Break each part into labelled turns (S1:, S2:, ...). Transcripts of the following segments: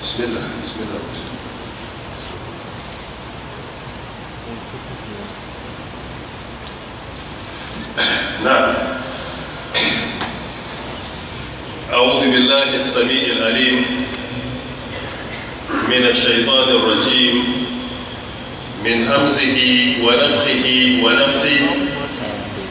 S1: بسم الله بسم الله نعم
S2: أعوذ بالله السميع العليم من الشيطان الرجيم من همزه ونفخه ونفثه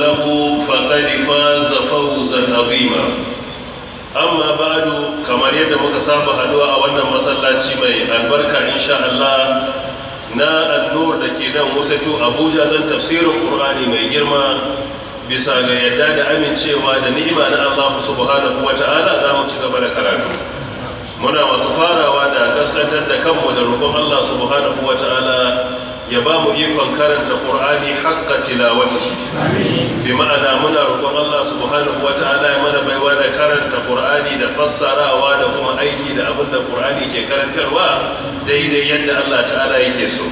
S2: له فقد فاز فوزا عظيما amma ba'du kamar yadda muka saba haduwa a wannan masallaci mai albarka insha Allah na annur da ke nan wasatu Abuja don tafsirin Qur'ani mai girma bisa ga yadda da amincewa da ni'ima na Allah subhanahu wata'ala za mu ci gaba da karatu muna masu farawa da gaskantar da kanmu da roƙon Allah subhanahu wata'ala ya ba mu ikon karanta qur'ani haqqa shi. bi ma'ana muna roƙon Allah subhanahu ta'ala. ya mana baiwa da karanta qur'ani da fassarawa da kuma aiki da abin da qur'ani ke karantarwa daidai yadda Allah ta'ala yake so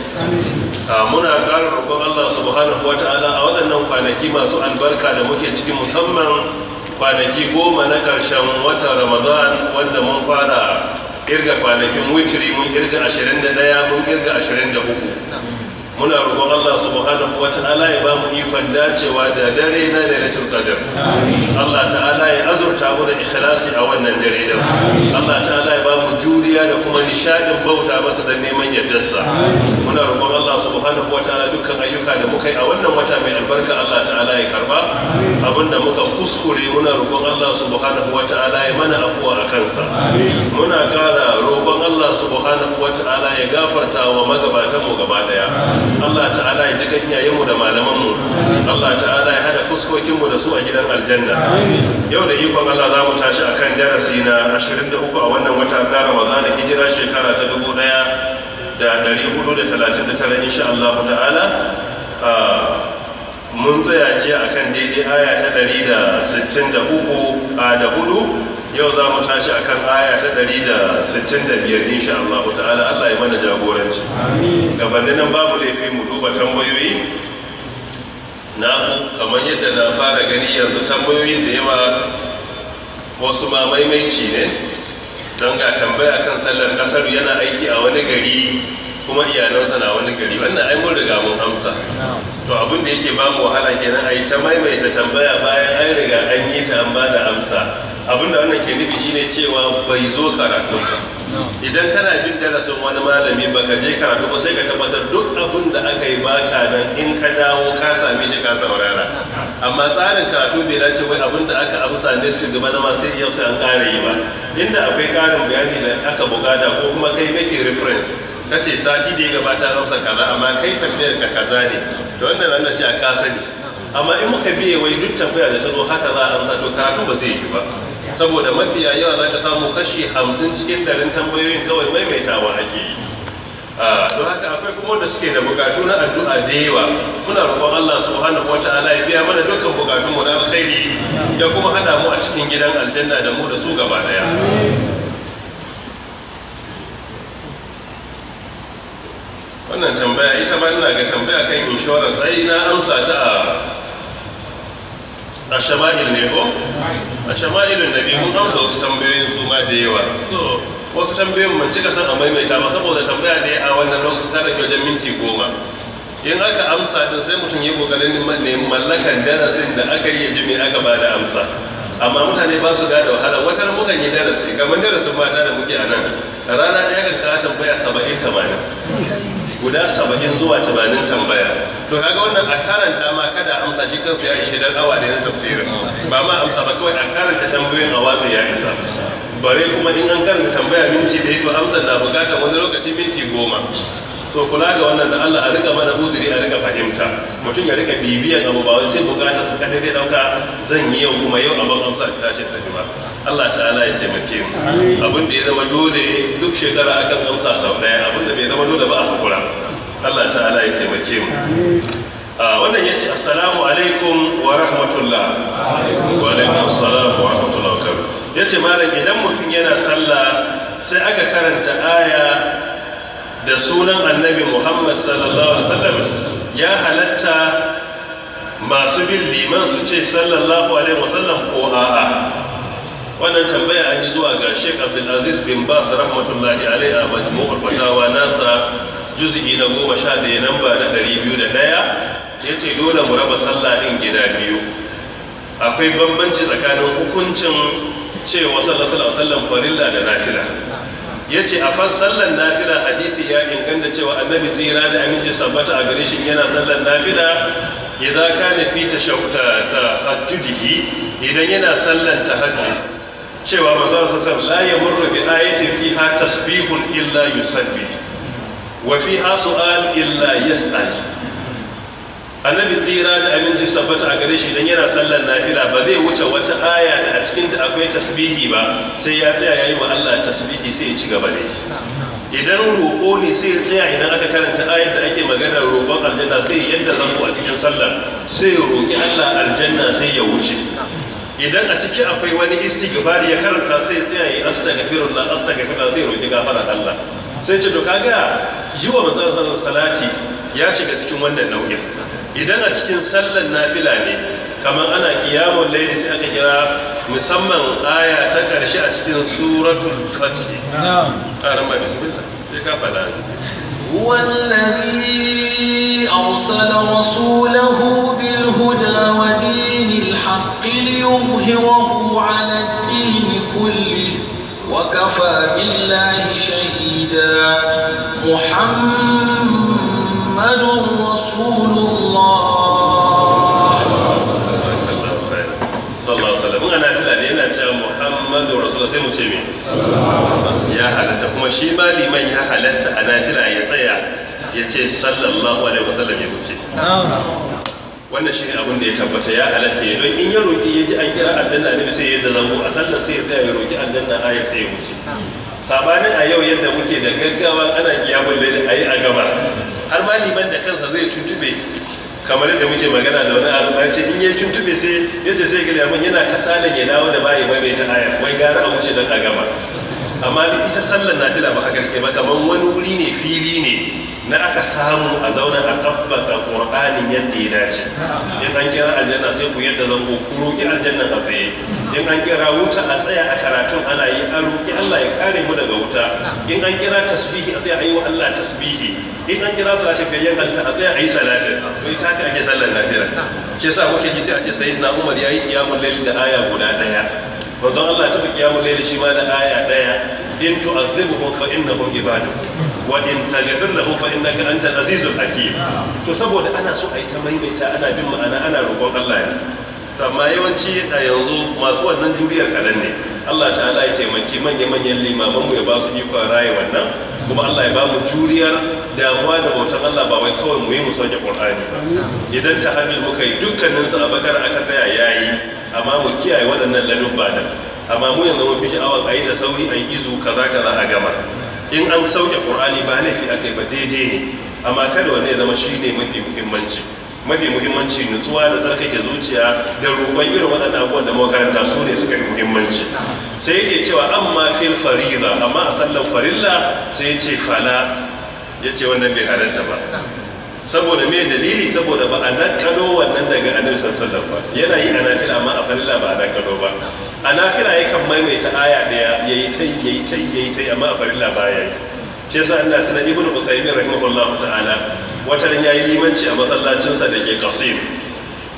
S2: ah, muna ƙara roƙon Allah subhanahu ta'ala a waɗannan kwanaki masu albarka da muke ciki musamman kwanaki goma na ƙarshen watan ramadan wanda mun fara irga kwanakin witiri mun irga 21 mun irga 23 muna roƙon Allah subhanahu wa ta'ala ya ba mu ikon dacewa da dare na lailatul qadr Allah ta'ala ya azurta mu da ikhlasi a wannan dare da Allah ta'ala ya mu juriya da kuma nishadin bauta masa da neman yardarsa muna roƙon Allah subhanahu wataala dukkan ayyuka da muka yi a wannan wata mai albarka Allah ta'ala ya karba abinda muka kuskure muna roƙon Allah subhanahu wataala ya mana afuwa a kansa muna ƙara roƙon Allah subhanahu wataala ya gafarta wa magabatan mu gaba daya Allah ta'ala ya ji ganyayen mu da malaman mu Allah ta'ala ya hada fuskokin mu da su a gidan aljanna yau da ikon Allah za mu tashi akan darasi na 23 a wannan wata ramadana hijira shekara ta dubu ɗaya da ɗari hudu da talatin da tara insha Allah ta'ala mun tsaya jiya kan daidai aya ta ɗari da sittin da uku a da hudu yau za mu tashi a kan aya ta ɗari da sittin da biyar insha Allah ta'ala Allah ya mana jagoranci gabanin nan babu laifi mu duba tambayoyi na kamar yadda na fara gani yanzu tambayoyin da yawa wasu ma maimaici ne don ga tambaya kan sallar kasar yana aiki a wani gari kuma iyalansa na wani gari wannan ai mun riga mun amsa to abin da yake ba mu wahala kenan ai ta maimaita tambaya bayan an riga an yi ta an ba da amsa da wannan ke nufi shine cewa bai zo karatu ba idan kana bin darasin wani malami baka je karatu ba sai ka tabbatar duk abin da aka yi baka nan in ka dawo ka same shi ka saurara amma tsarin karatu bai dace wai abin da aka amsa ne su gaba na masu yau sai an ƙara yi ba inda akwai ƙarin bayani da aka bukata ko kuma kai make reference ka ce sati da ya gabata amsa kaza amma kai tambayar ka kaza ne da wannan wannan ce a ka sani amma in muka biye wai duk tambaya da ta zo haka za a amsa to karatu ba zai yi ba saboda mafiya yawa za ka samu kashi hamsin cikin darin tambayoyin kawai maimaitawa ake yi ah, don haka akwai kuma wanda suke da bukatu na addu'a da yawa muna roƙon Allah subhanahu wata ta'ala ya biya mana dukkan bukatun mu na alkhairi ya kuma hada mu a cikin gidan aljanna da mu da su gaba daya wannan tambaya ita ba ina ga tambaya kan insurance ai na amsa ta a a shama'il ne ko a na biyu mun amsa wasu tambayoyin su ma da yawa so wasu tambayoyin mun cika san a maimaita ba saboda tambaya ne a wannan lokaci ta rage wajen minti goma in aka amsa din sai mutum ya kokarin ne mallakan darasin da aka yi ji aka aka da amsa amma mutane ba su gada wahala wata mukan yi darasi kamar darasin mata da muke a nan rana ɗaya ka tambaya saba'in tamanin guda saba'in zuwa tamanin tambaya to kaga wannan a karanta ma kada amsa shi kansa ya ishe dan awa ne na tafsirin ba ma amsa ba kawai a karanta tambayoyin a wazi ya isa bare kuma in an karanta tambaya minti da to amsa na bukatar wani lokaci minti goma so kula ga wannan da Allah a riga mana uzuri a riga fahimta mutum ya riga bibiyan abu ba wai sai bukata su kada dai dauka zan yi yau kuma yau abin amsa ta tashi ta ba Allah ta'ala ya taimake mu abin da ya zama dole duk shekara akan amsa sau daya abin da bai zama dole ba a hakura Allah ta'ala ya taimake mu ah, wannan ya ce assalamu alaikum wa rahmatullah wa alaikum assalam wa rahmatullah wa ya ce malam idan mutum yana sallah sai aka karanta aya da sunan annabi muhammad sallallahu alaihi wasallam ya halatta masu bin liman su ce sallallahu alaihi wasallam ko a'a wannan tambaya an yi zuwa ga sheik abdulaziz bin bas rahmatullahi alaihi a majmu'ul fatawa nasa juz'i na goma sha ɗaya namba na ɗari biyu da ɗaya ya ce dole mu raba sallah ɗin gida biyu akwai bambanci tsakanin hukuncin cewa sallallahu alaihi wasallam farilla da nafila ya ce a fan sallan nafila hadisi ya inganta cewa annabi zira da aminci sabbata a gare shi yana sallan nafila idza kana fi ta tahajjudihi idan yana sallan hajji. cewa manzo sallallahu alaihi wasallam la yamurru bi ayatin fiha tasbihun illa yusabbi wa fiha su'al illa yas'al annabi tsira da aminci sabbata a gare shi idan yana sallar nafila ba zai wuce wata aya da a cikin da akwai tasbihi ba sai ya tsaya yayi wa Allah tasbihi sai ya ci gaba da shi idan roƙo ne sai ya tsaya idan aka karanta ayar da ake magana roƙon aljanna sai yadda zango a cikin sallar sai ya roƙi Allah aljanna sai ya wuce idan a ciki akwai wani istighfari ya karanta sai tsaya ya astaghfirullah astaghfirullah zai roƙi gafara Allah sai ce to kaga yi wa manzon salati ya shiga cikin wannan nau'in idan a cikin sallan nafila ne kamar ana kiyamun laili sai aka kira musamman aya ta karshe a cikin suratul fatih na'am ta bismillah sai ka fada
S3: wallahi arsala rasulahu bil huda wa dinil wa kafa billahi shahida muhammadur rasul
S2: kuma shi ma liman ya halarta, a nafila ya tsaya ya ce sallallahu alaihi wasallam ya wuce wannan shi ne abin da ya tabbata ya halatta ya in ya roƙi ya ji an kira aljanna ne sai ya zango a sallar sai ya tsaya ya roƙi aljanna aya sai ya wuce sabanin a yau yadda muke da gaggawa ana kiyamun laili a yi a gaba har ma liman da kansa zai tuntube kamar yadda muke magana da wani ce, in ya tuntube sai ya sai ga liman yana da ya dawo da bayi maimaita aya wai gara a wuce don a gaba amma ni ita sallar na ba haka ke ba kamar wani wuri ne fili ne na aka samu a zauna a tabbata qur'anin yadda ya dace in an kira aljanna sai ku yadda zan ku roki aljanna a tsaye in an kira wuta a tsaya a karatun ana yi a roki Allah ya kare mu daga wuta in an kira tasbihi a tsaya a yi wa Allah tasbihi in an kira salatin fayyan halitta a tsaya a yi salatin to ita haka ake sallar nafila shi yasa muke ji sai a ce sayyidina Umar yayi kiyamul layl da aya guda daya manzon Allah ta buƙiya mu da shi ma da aya daya in tu'azzibuhum fa innahum ibadu wa in taghfir lahum fa innaka antal azizul hakim to saboda ana so a yi ta maimaita ana bin ma'ana ana roƙon Allah ne amma yawanci a yanzu masu wannan juriyar kadan ne Allah ta'ala ya taimaki manya-manyan limaman mu ya ba su ikon raye wannan kuma Allah ya ba mu juriyar damuwa da bautan Allah ba wai kawai mu yi mu sauke Qur'ani ba idan ta tahajjud muka yi dukkanin su a bakar aka tsaya yayi amma mu kiyaye waɗannan ladubba din amma mu yanzu mun fi sha'awar a yi da sauri a yi izu kaza kaza a gama in an sauke qur'ani ba laifi akai ba daidai ne amma kada wanne ya zama shine mafi muhimmanci mafi muhimmanci nutsuwa da tsarkake zuciya da roƙon irin waɗannan abubuwan da makaranta su ne suka yi muhimmanci sai yake cewa amma fil fariza amma a sallan farilla sai ya ce fala ya ce wannan bai halarta ba saboda mai dalili saboda ba a nakalo wannan daga annabi sallallahu ba yana yi a nafila amma a farilla ba a nakalo ba a nafila yakan maimaita aya daya yayi tai yayi tai yayi tai amma a farilla ba ya yi shi yasa Allah sana ibnu usaymin rahimahullahu ta'ala wata ran yayi limanci a masallacin sa dake qasim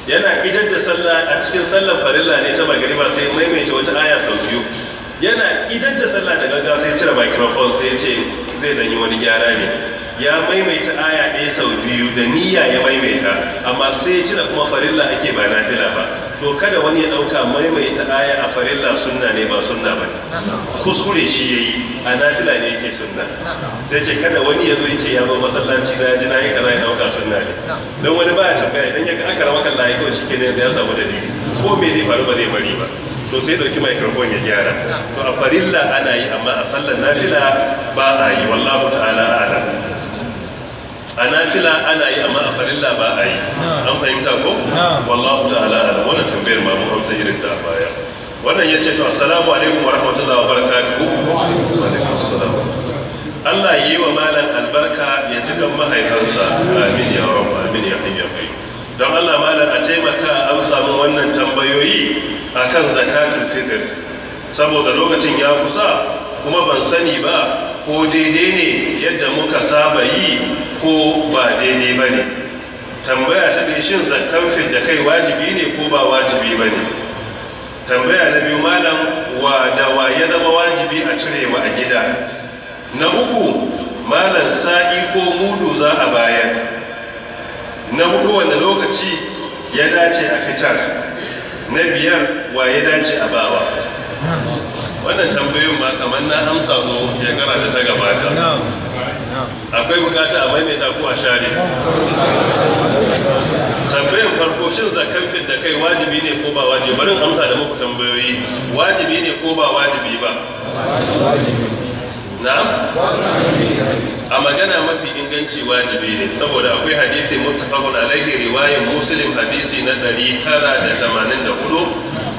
S2: yana idar da sallah a cikin sallar farilla ne ta magriba sai maimaita wata aya sau biyu yana idan da sallah da gaggawa sai cire microphone sai ya ce zai dan wani gyara ne ya maimaita aya ɗaya sau biyu da niyya ya maimaita amma sai ya cina kuma farilla ake ba nafila ba to kada wani ya ɗauka maimaita aya a farilla sunna ne ba sunna ba kuskure shi ya yi a nafila ne yake sunna sai ce kada wani ya zo ya ce ya zo masallaci na ji na yi kaza ya ɗauka sunna ne don wani ba ya tambaya idan ya ga aka rama kalla layi kawai shi ke ne ya samu dalili ko me zai faru ba zai bari ba to sai dauki microphone ya gyara to a farilla ana yi amma a sallar nafila ba a yi wallahu ta'ala alam Ana fila ana yi amma a farilla ba a yi an fahimta ko wallahu ta'ala ala wannan tambayar ma mun amsa irin ta baya wannan ya ce to assalamu alaikum wa rahmatullahi wa barakatuhu wa alaikum assalam Allah yi wa malam albarka ya ji kan mahaifansa amin ya rabb amin ya hayya kai don Allah malam a taimaka a amsa min wannan tambayoyi akan zakatul fitr saboda lokacin ya kusa kuma ban sani ba ko daidai ne yadda muka saba yi ko ba daidai ba ne tambaya ta ɗaya shin zakkan da kai wajibi ne ko ba wajibi ba ne tambaya na biyu malam wa da wa ya zama wajibi a cirewa a gida na uku malam sa'i ko mudu za a bayar na hudu wanda lokaci ya dace a fitar na biyar wa ya dace a bawa wannan tambayoyin ba kamar na amsa zo shekara da ta gabata akwai bukata a maimaita ko a share tambayin farko shin zakan fit da kai wajibi ne ko ba wajibi bari amsa da muku tambayoyi wajibi ne ko ba wajibi ba na'am a magana mafi inganci wajibi ne saboda akwai hadisi muttafaqun alaihi riwayar muslim hadisi na 984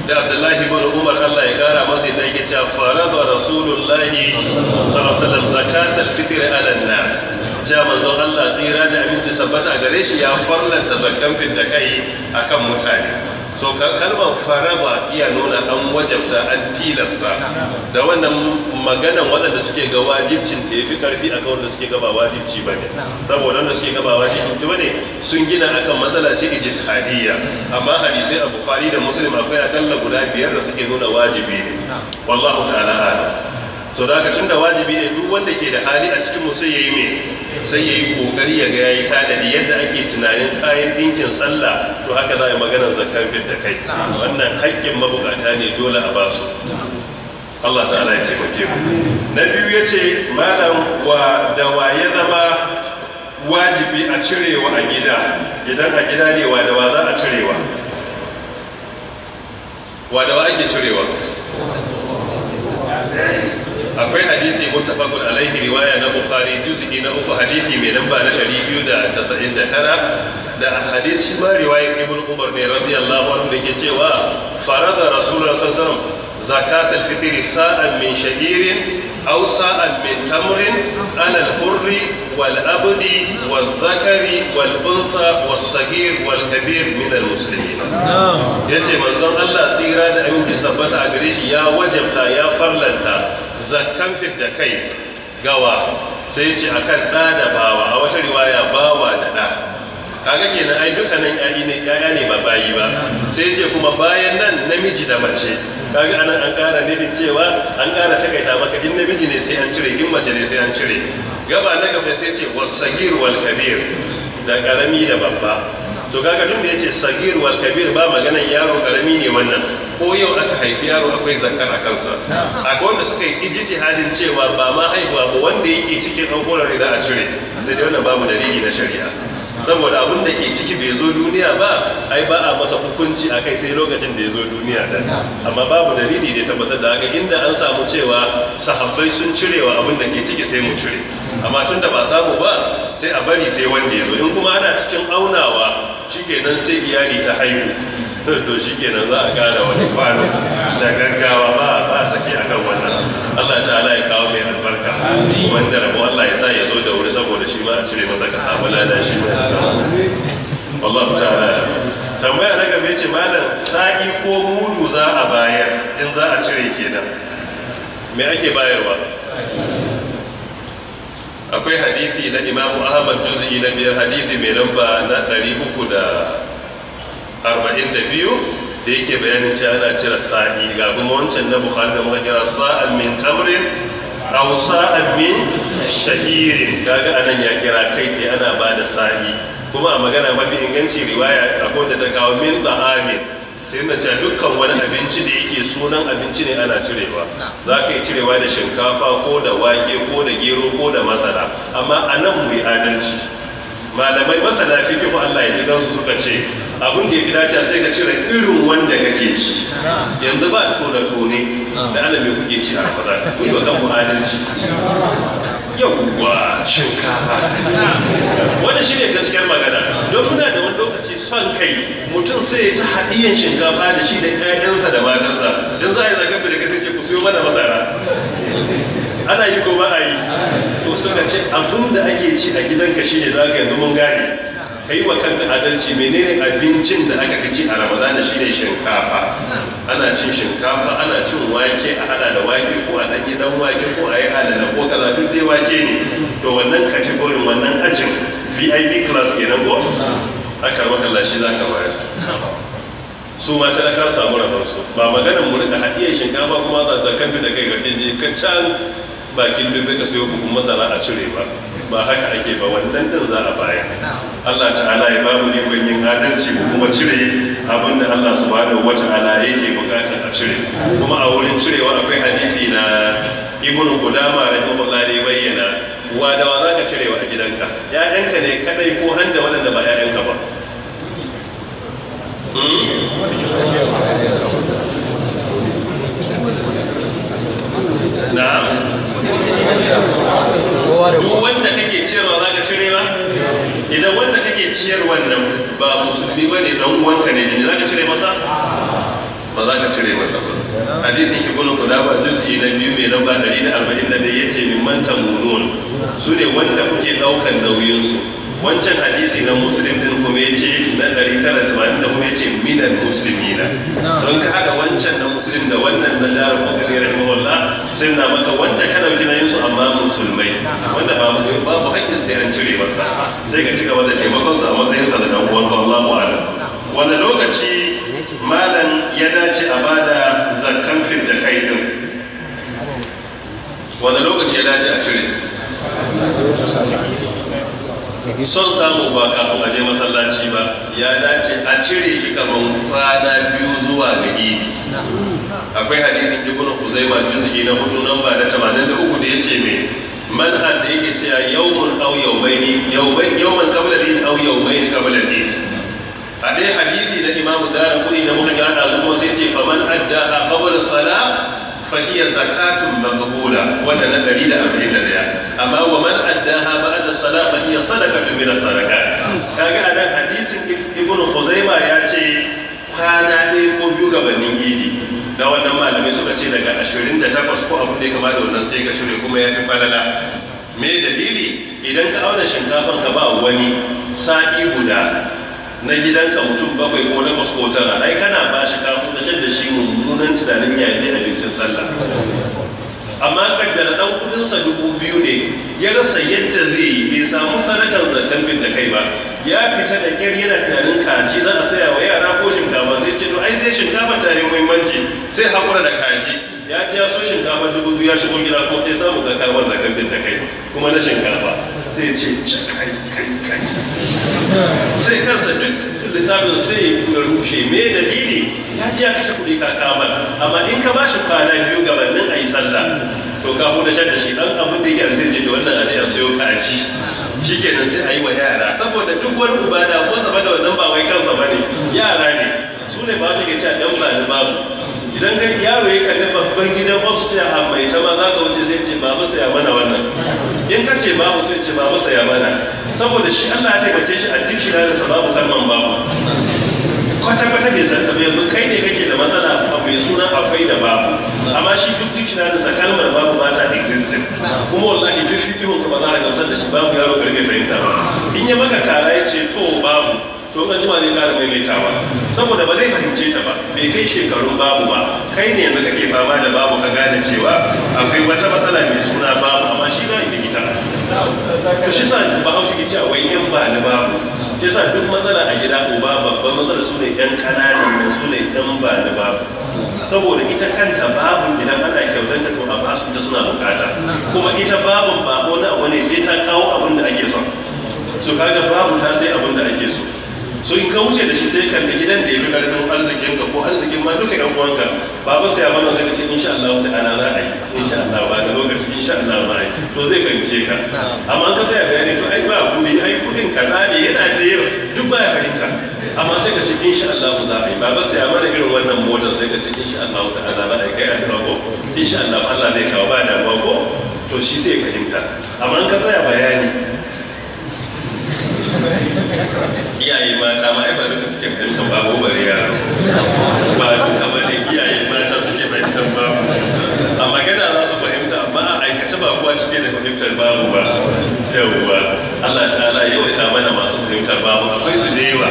S2: da abdullahi ibn umar Allah ya kara masa da yake cewa farada rasulullahi sallallahu alaihi zakat al-fitr ala nas manzon Allah tsira da aminci sabbata gare shi ya farlanta zakkan fit da kai akan mutane so kalmar faraba iya nuna an wajabta an tilasta da wannan maganan waɗanda suke ga wajibcin ta yafi karfi a ga wanda suke gaba wajibci ba ne saboda wanda suke gaba wajibci ba ne sun gina akan matsala ce ijtihadiyya amma hadisi a bukhari da muslim akwai akalla guda biyar da suke nuna wajibi ne wallahu ta'ala so da aka tunda wajibi ne duk wanda ke da hali a cikin mu sai yayi me sai yayi kokari ya ga yayi tanadi yadda ake tunanin kayan dinkin sallah to haka za a yi maganar zakar fit da kai wannan haƙƙin mabukata ne dole a basu Allah ta'ala ya taimake mu na biyu yace malam wa da wa ya zama wajibi a cirewa a gida
S1: idan a gida ne wa da wa za a cirewa wa da wa ake cirewa
S2: akwai hadisi muttafaqun alaihi riwaya na bukhari juz'i na uku hadisi mai lamba na 299 da hadisi shi ma riwayar ibnu umar ne radiyallahu anhu da ke cewa farada rasulullah sallallahu alaihi wasallam zakat al-fitr sa'an min sha'irin aw sa'an min tamrin ala al-hurri wal abdi wal zakari wal unsa was saghir wal kabir min al-muslimin yace manzon Allah tsira da aminci tabbata a gare shi ya wajabta ya farlanta zakkan fit da kai gawa sai ce akan ɗa da bawa a wata riwaya bawa da ɗa kaga kenan ai dukkanin yayi ne yaya ne ba bayi ba sai ce kuma bayan nan namiji da mace kaga anan an ƙara nufin cewa an ƙara takaita maka in namiji ne sai an cire in mace ne sai an cire gaba na gaba sai ce wasagir wal kabir da karami da babba to kaga tun da yace sagir wal kabir ba maganan yaro karami ne wannan ko yau aka haifi yaro akwai zakar a kansa a wanda suka yi halin cewa ba ma haihuwa ba wanda yake cikin hankulan da a cire sai dai wannan babu dalili na shari'a saboda abin da ke ciki bai zo duniya ba ai ba a masa hukunci a kai sai lokacin da ya zo duniya da amma babu dalili da tabbatar da haka inda an samu cewa sahabbai sun cirewa abin da ke ciki sai mu cire amma tun da ba samu ba sai a bari sai wanda ya zo in kuma ana cikin aunawa shi shikenan sai iyali ta haihu to shi nan za a kara wani kwano da gaggawa ba ba sake kan wannan Allah ta'ala ya kawo mai albarka wanda rabu Allah ya sa ya zo da wuri saboda shi ba a cire masa ka samu lada shi ba ya samu Allah ta'ala tambaya na game ce malam sa'i ko mudu za a bayar in za a cire kenan me ake bayarwa akwai hadisi na imamu ahmad juz'i na biyar hadisi mai lamba na 300 arba'in da biyu da yake bayanin cewa ana cire sa'i ga kuma wancan na bukhari da muka kira sa'an min tamrin aw sa'an min shahirin kaga anan ya kira kai sai ana ba da sa'i kuma a magana mafi inganci riwaya a ta kawo min da'amin sai na cewa dukkan wani abinci da yake sunan abinci ne ana cirewa za ka yi cirewa da shinkafa ko da wake ko da gero ko da masara amma anan nan mu yi adalci malamai masana fikihu Allah ya ji su suka ce abin da ya fi dace sai ka cire irin wanda kake ci yanzu ba tona tone da alamin kuke ci a fara ku yi wa kanku adalci yawwa shinkafa wani shi ne gaskiyar magana don muna da wani lokaci son kai mutum sai ya ta haɗiyan shinkafa da shi da 'ya'yansa da matansa don za a yi zakar da ce ku siyo mana masara ana yi ko ba a yi to suka ce abin da ake ci a gidanka shi ne ka yanzu mun gane ka yi wa kanka adalci menene abincin da aka kaci a Ramadan shi ne shinkafa ana cin shinkafa ana cin wake a hada da wake ko a dan gidan wake ko a yi da ko kaza duk dai wake ne to wannan kategorin wannan ajin vip class kenan ko aka makalla shi za ka bayar su ma ta talaka samu rafarsu ba maganin mu rika haɗiye shinkafa kuma za ta kamfi da kai ga je ka can bakin duk ka sayo buhun masara a cire ba ba haka ake ba wannan din za a bayar Allah ta'ala ya ba mu ikon yin adalci mu kuma cire abin da Allah subhanahu wa ta'ala yake bukata a cire kuma a wurin cirewa akwai hadisi na ibnu qudama rahimahullah da ya bayyana wa da wa zaka cirewa a gidanka Ya'yanka ne kadai ko handa waɗanda ba ya'yanka ba hmm? na'am kowa wanda kake ciyarwa za ka cire ba idan wanda kake ciyarwa nan ba musulmi ba ne don uwanka ne jini za ka cire masa ba za ka cire masa ba hadisin ibnu qudama juz'i na biyu mai lamba 141 yace min man tamunun su ne wanda kuke daukan nauyin su wancan hadisi na musulun din kuma ya ce na ɗari tara tamanin da kuma ya ce minan musulmi na sun ka haɗa wancan na musulun da wannan na jarar da kuma wala. sai na maka wanda ka ɗauki na yinsu amma musulmai wanda ba musulmi babu haƙƙin sai an cire masa sai ka ci gaba da taimakonsa a matsayin sa da ɗan uwan Allah mu'ala wanda lokaci malam ya dace a bada zakkan fil da kai din wanda lokaci ya dace a cire Mhm. son samu ba kafin a je masallaci ba ya dace a cire shi kamar kwana biyu zuwa ga idi mhm. akwai hadisin ibnu huzaima juz'i na hudu namba da 83 da yace me man an da yake cewa yawmun aw yawmaini yawmai yawman qabla al-eid aw yawmain qabla al-eid a dai hadisi na imamu daraqutni na muka ga da kuma sai ce faman adda qabla salat فهي زكاة مقبولة wanda na لها amma wa أما هو من salat بعد الصلاة فهي صدقة من anan hadisin ibnu حديث ya ce kwana ɗaya ko biyu gabanin idi na wannan malamai suka ce daga 28 ko abu da kama da wannan sai ka cire kuma ya fi falala me dalili idan ka auna shinkafan ka ba wani sa'i guda na gidanka mutum bakwai ko na tara ai kana ba shi kafin da shan da shi mummunan tunanin ya je abincin sallah amma kaddara dan sa dubu biyu ne ya rasa yadda zai yi bai samu sadakan zakan bin da kai ba ya fita da kyar yana tunanin kaji za a saya wa yara ko shinkafa sai ce to ai sai shinkafa ta yi muhimmanci sai hakura da kaji ya ji ya so shinkafa dubu biyu ya shigo gida ko sai samu ga zakan bin da kai kuma na shinkafa sai ce kai kai kai sai kansa duk lissafin sai ya rushe me dalili ya ce ya kashe kuɗi kama amma in ka bashi kwana biyu gabanin a yi sallah to ka huda shan da shi dan abin da yake zai ce da wannan aje a sayo kaji shikenan sai a yi wa yara saboda duk wani uba da ko saba da wannan ba wai kansa bane yara ne su ne ba ta ke cewa dan ba babu idan kai yaro ya kalli babban gidan ce a mai ta ma za ka wuce zai ce ba masa ya mana wannan in ka ce babu sai ce ba masa ya mana saboda shi Allah ya taimake shi a duk shiga da sababu kalman babu kwata kwata bai san tabi yanzu kai ne kake da matsala a mai suna akwai da babu amma shi duk duk shiga da kalmar babu ba ta existing kuma wallahi duk fikihun ka ba za ka gasar da shi babu yaro karfe fahimta ba in ya maka kara ya ce to babu to an jima zai kara maimaitawa saboda ba zai fahimce ta ba bai kai shekarun babu ba kai ne yanzu kake fama da babu ka gane cewa akwai wata matsala mai suna babu amma shi ba da ita to shi sa bahaushe ke cewa wai yan ba ni babu shi sa duk matsala a gida uba babban matsala su ne yan kananan nan su ne yan ba ni babu saboda ita kanta babun idan ana kyautar ta to a basu ta suna bukata kuma ita babun ba ko na wani sai ta kawo abin da ake son su kaga babu ta sai abin da ake so so in ka wuce da shi sai kalli gidan da ya fi karfin arzikin ka ko arzikin ma duka yan uwanka ba ba sai a mana sai ka ce insha Allah ta'ala za a yi insha Allah ba da lokaci insha Allah ba yi to zai fahimce ka amma ka sai bayani to ai ba kuɗi ai kuɗin ka ne yana da yau duk ba ya fahimta amma sai ka ce insha Allah za a yi ba ba sai a mana irin wannan motar sai ka ce insha Allah ta'ala za a yi kai addu'a ko insha Allah Allah zai kawo ba ba ko to shi sai fahimta amma ka zai bayani iyaye mata ma ba duka suke fahimtar babu bare ya ba duka ba ne iyaye mata suke fahimtar babu a magana za su fahimta amma a aikace ba kuwa cike da fahimtar babu ba yauwa Allah ta'ala ta mana masu fahimtar babu akwai su da yawa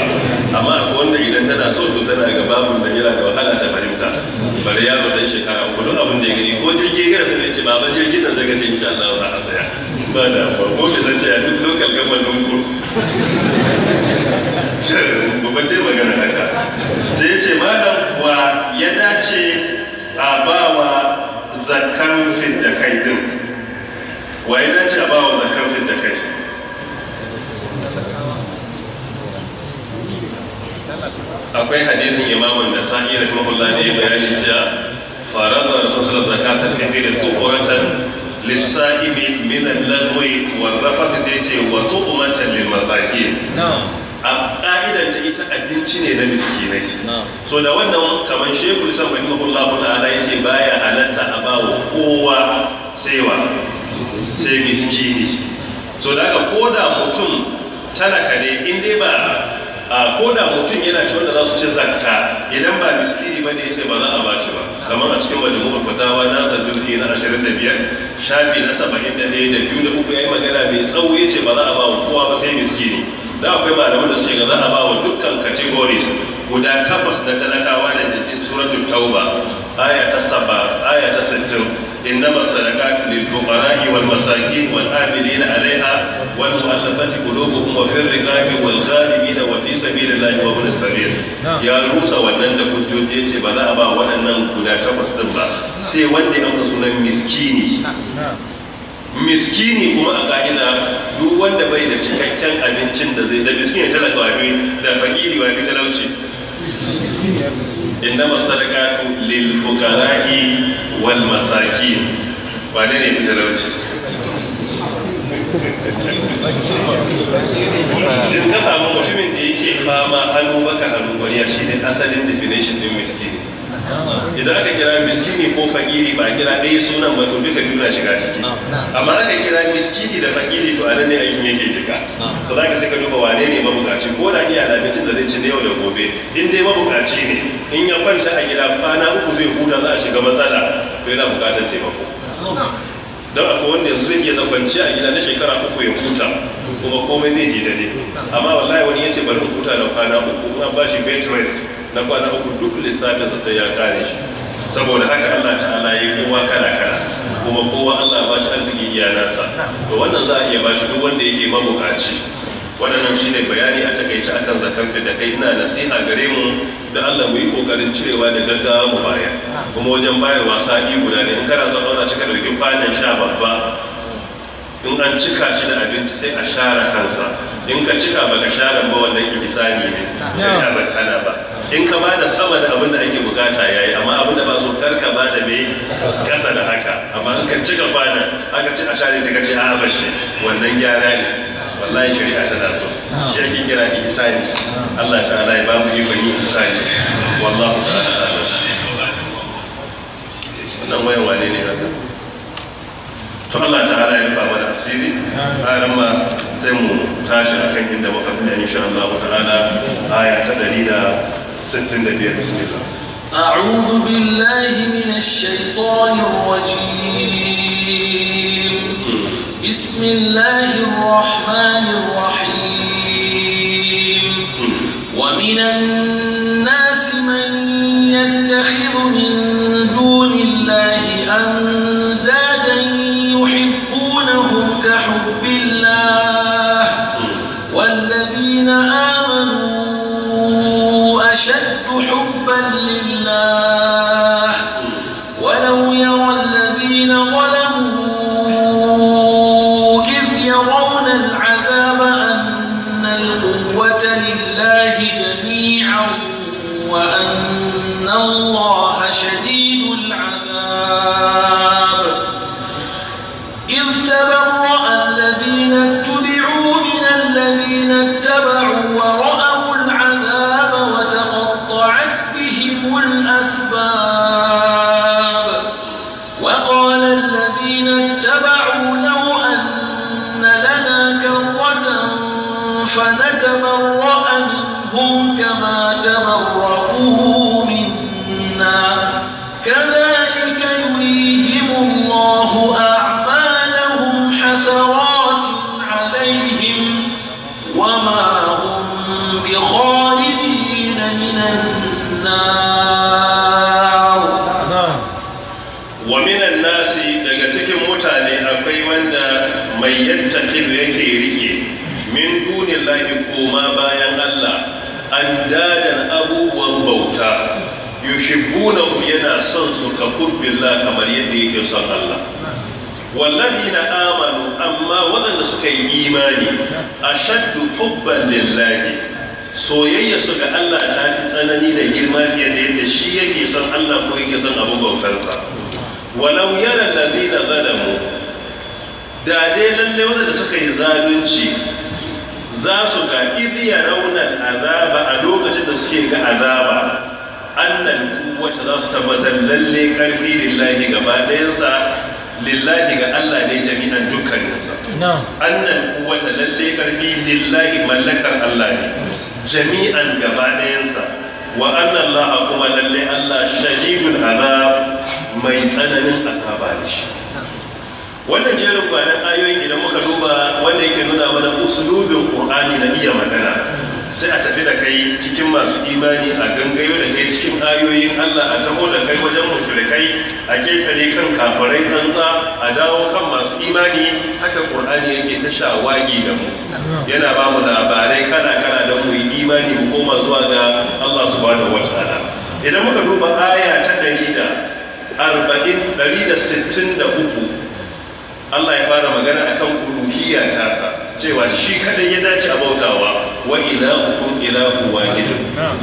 S2: amma a wanda idan tana so to tana ga babu da yana da wahala ta fahimta bare yaro dan shekara uku duk abin da ya gani ko jirgi gara sai ce baba jirgin nan zaga ce insha Allah za a tsaya ba da ko zan ce duk lokal gaban ko babban dai magana haka sai ce malam kuwa ya dace a bawa zakkan fit da kai din wa ya dace a zakkan fit da kai
S1: akwai hadisin imamun da sa'i rahimahullah ne ya bayani cewa
S2: faradar sosial zakatar fitri da tukuratan lissa'imi min al-lagwi wa rafath sai wa tuqmatan lil masakin a ka'idan ta ita abinci ne na miskinai so da wannan kamar shekul sa rahimahullahu ta'ala yace baya halatta a bawa kowa sai wa sai miskini so da ka koda mutum talaka ne in dai ba a koda mutum yana shi wanda za su ci zakka idan ba miskini ba ne ba za a ba shi ba kamar a cikin majalisar fatawa na zaddufi na 25 shafi na 71 da biyu da uku yi magana mai tsawo yace ba za a ba wa kowa ba sai miskini da akwai malaman da suke ga za a ba wa dukkan categories guda takwas na talakawa da suratul tauba aya ta 7 aya ta 60 إنما الصدقات للفقراء والمساكين والآمنين عليها والمؤلفة قلوبهم وفي الرقاب والغالبين وفي سبيل الله وابن السبيل يا روسا wannan da بلا أبا ba za a ba waɗannan guda takwas din miskini kuma a ka'ida duk wanda bai da cikakken abincin da zai da miskini talaka wafi da fakiri wafi talauci إنما الصدقات lil والمساكين wal يتجلوش wane ne mutumin da yake fama hannu baka hannu bariya shi ne asalin definition din miskin idan aka kira miskini ko fagiri ba kira ɗaya sunan ba to duka biyu shiga ciki amma aka kira miskini da fakiri to anan ne aikin yake jika to za ka sai ka duba wane ne mabukaci ko da iya abincin da zai ci na yau da gobe in dai mabukaci ne in ya kwanta a gida kwana uku zai huta za a shiga matsala to yana bukatar taimako don akwai wanda yanzu zai iya na a gida na shekara uku ya huta kuma komai zai je daidai amma wallahi wani ya ce bari huta da kwana uku kuma ba shi bed rest na kwana uku duk lissafin sai ya kare shi saboda haka Allah ta'ala yi kowa kala kala kuma kowa Allah ba shi arziki iya nasa to wannan za a iya ba shi duk wanda yake mabukaci waɗannan shine bayani a takaice akan zakar da kai ina nasiha gare mu da Allah mu yi kokarin cirewa da gaggawa mu bayar kuma wajen bayarwa sa'i guda ne in kana son auna shi ka dauki kwanan sha babba in an cika shi da abinci sai a share kansa in ka cika baka share ba wannan ihsani ne shari'a ba ta hana ba in ka ba da sama da abin da ake bukata ya yi amma abin da ba so kar ka ba da mai kasa da haka amma in ka ci cika bana aka ci a share sai ka ce a bashi wannan gyara ne wallahi shari'a tana so shi ake kira ihsani Allah ta'ala ya ba mu ikon yin ihsani wallahu ta'ala Wannan wayan wane ne haka to Allah ta'ala ya ba da asiri har ma sai mu tashi akan inda muka tsaya insha Allah ta'ala aya ta 100 65 بسم الله
S3: أعوذ بالله من الشيطان الرجيم بسم الله الرحمن الذين اتبعوا لو أن لنا كرة فنتمر
S2: billah kamar yadda yake son Allah na amanu amma waɗanda suka yi imani shaddu hubban lillahi soyayya su ga Allah ta fi tsanani da girma fiye da yadda shi yake son Allah ko yake son abin bautansa walau yara ladina zalamu da dai lalle wanda suka yi zalunci za su ga idh raunan azaba a lokacin da suke ga azaba annan wacce za su tabbatar lalle karfi lillahi gaba ɗayansa lillahi ga Allah ne jami'an dukkaninsa annan wata lalle karfi lillahi mallakar Allah ne jami'an gaba ɗayansa wa annan kuma lalle Allah shadidul azab mai tsananin azaba ne shi wannan jerin ayoyin idan muka duba wanda yake nuna mana usulubin ƙur'ani na iya magana sai a tafi da kai cikin masu imani a gangayo da kai cikin ayoyin Allah a taho da kai wajen mushrikai a ketare kan kafarai tsantsa a dawo kan masu imani haka Qur'ani yake ta shawagi da mu yana ba mu labarai kana kana da mu imani mu koma zuwa ga Allah subhanahu wataala idan muka duba aya ta 140 163 Allah ya fara magana akan uluhiyya tasa cewa shi kadai ya dace a bautawa wa ilahukum ilahu wahid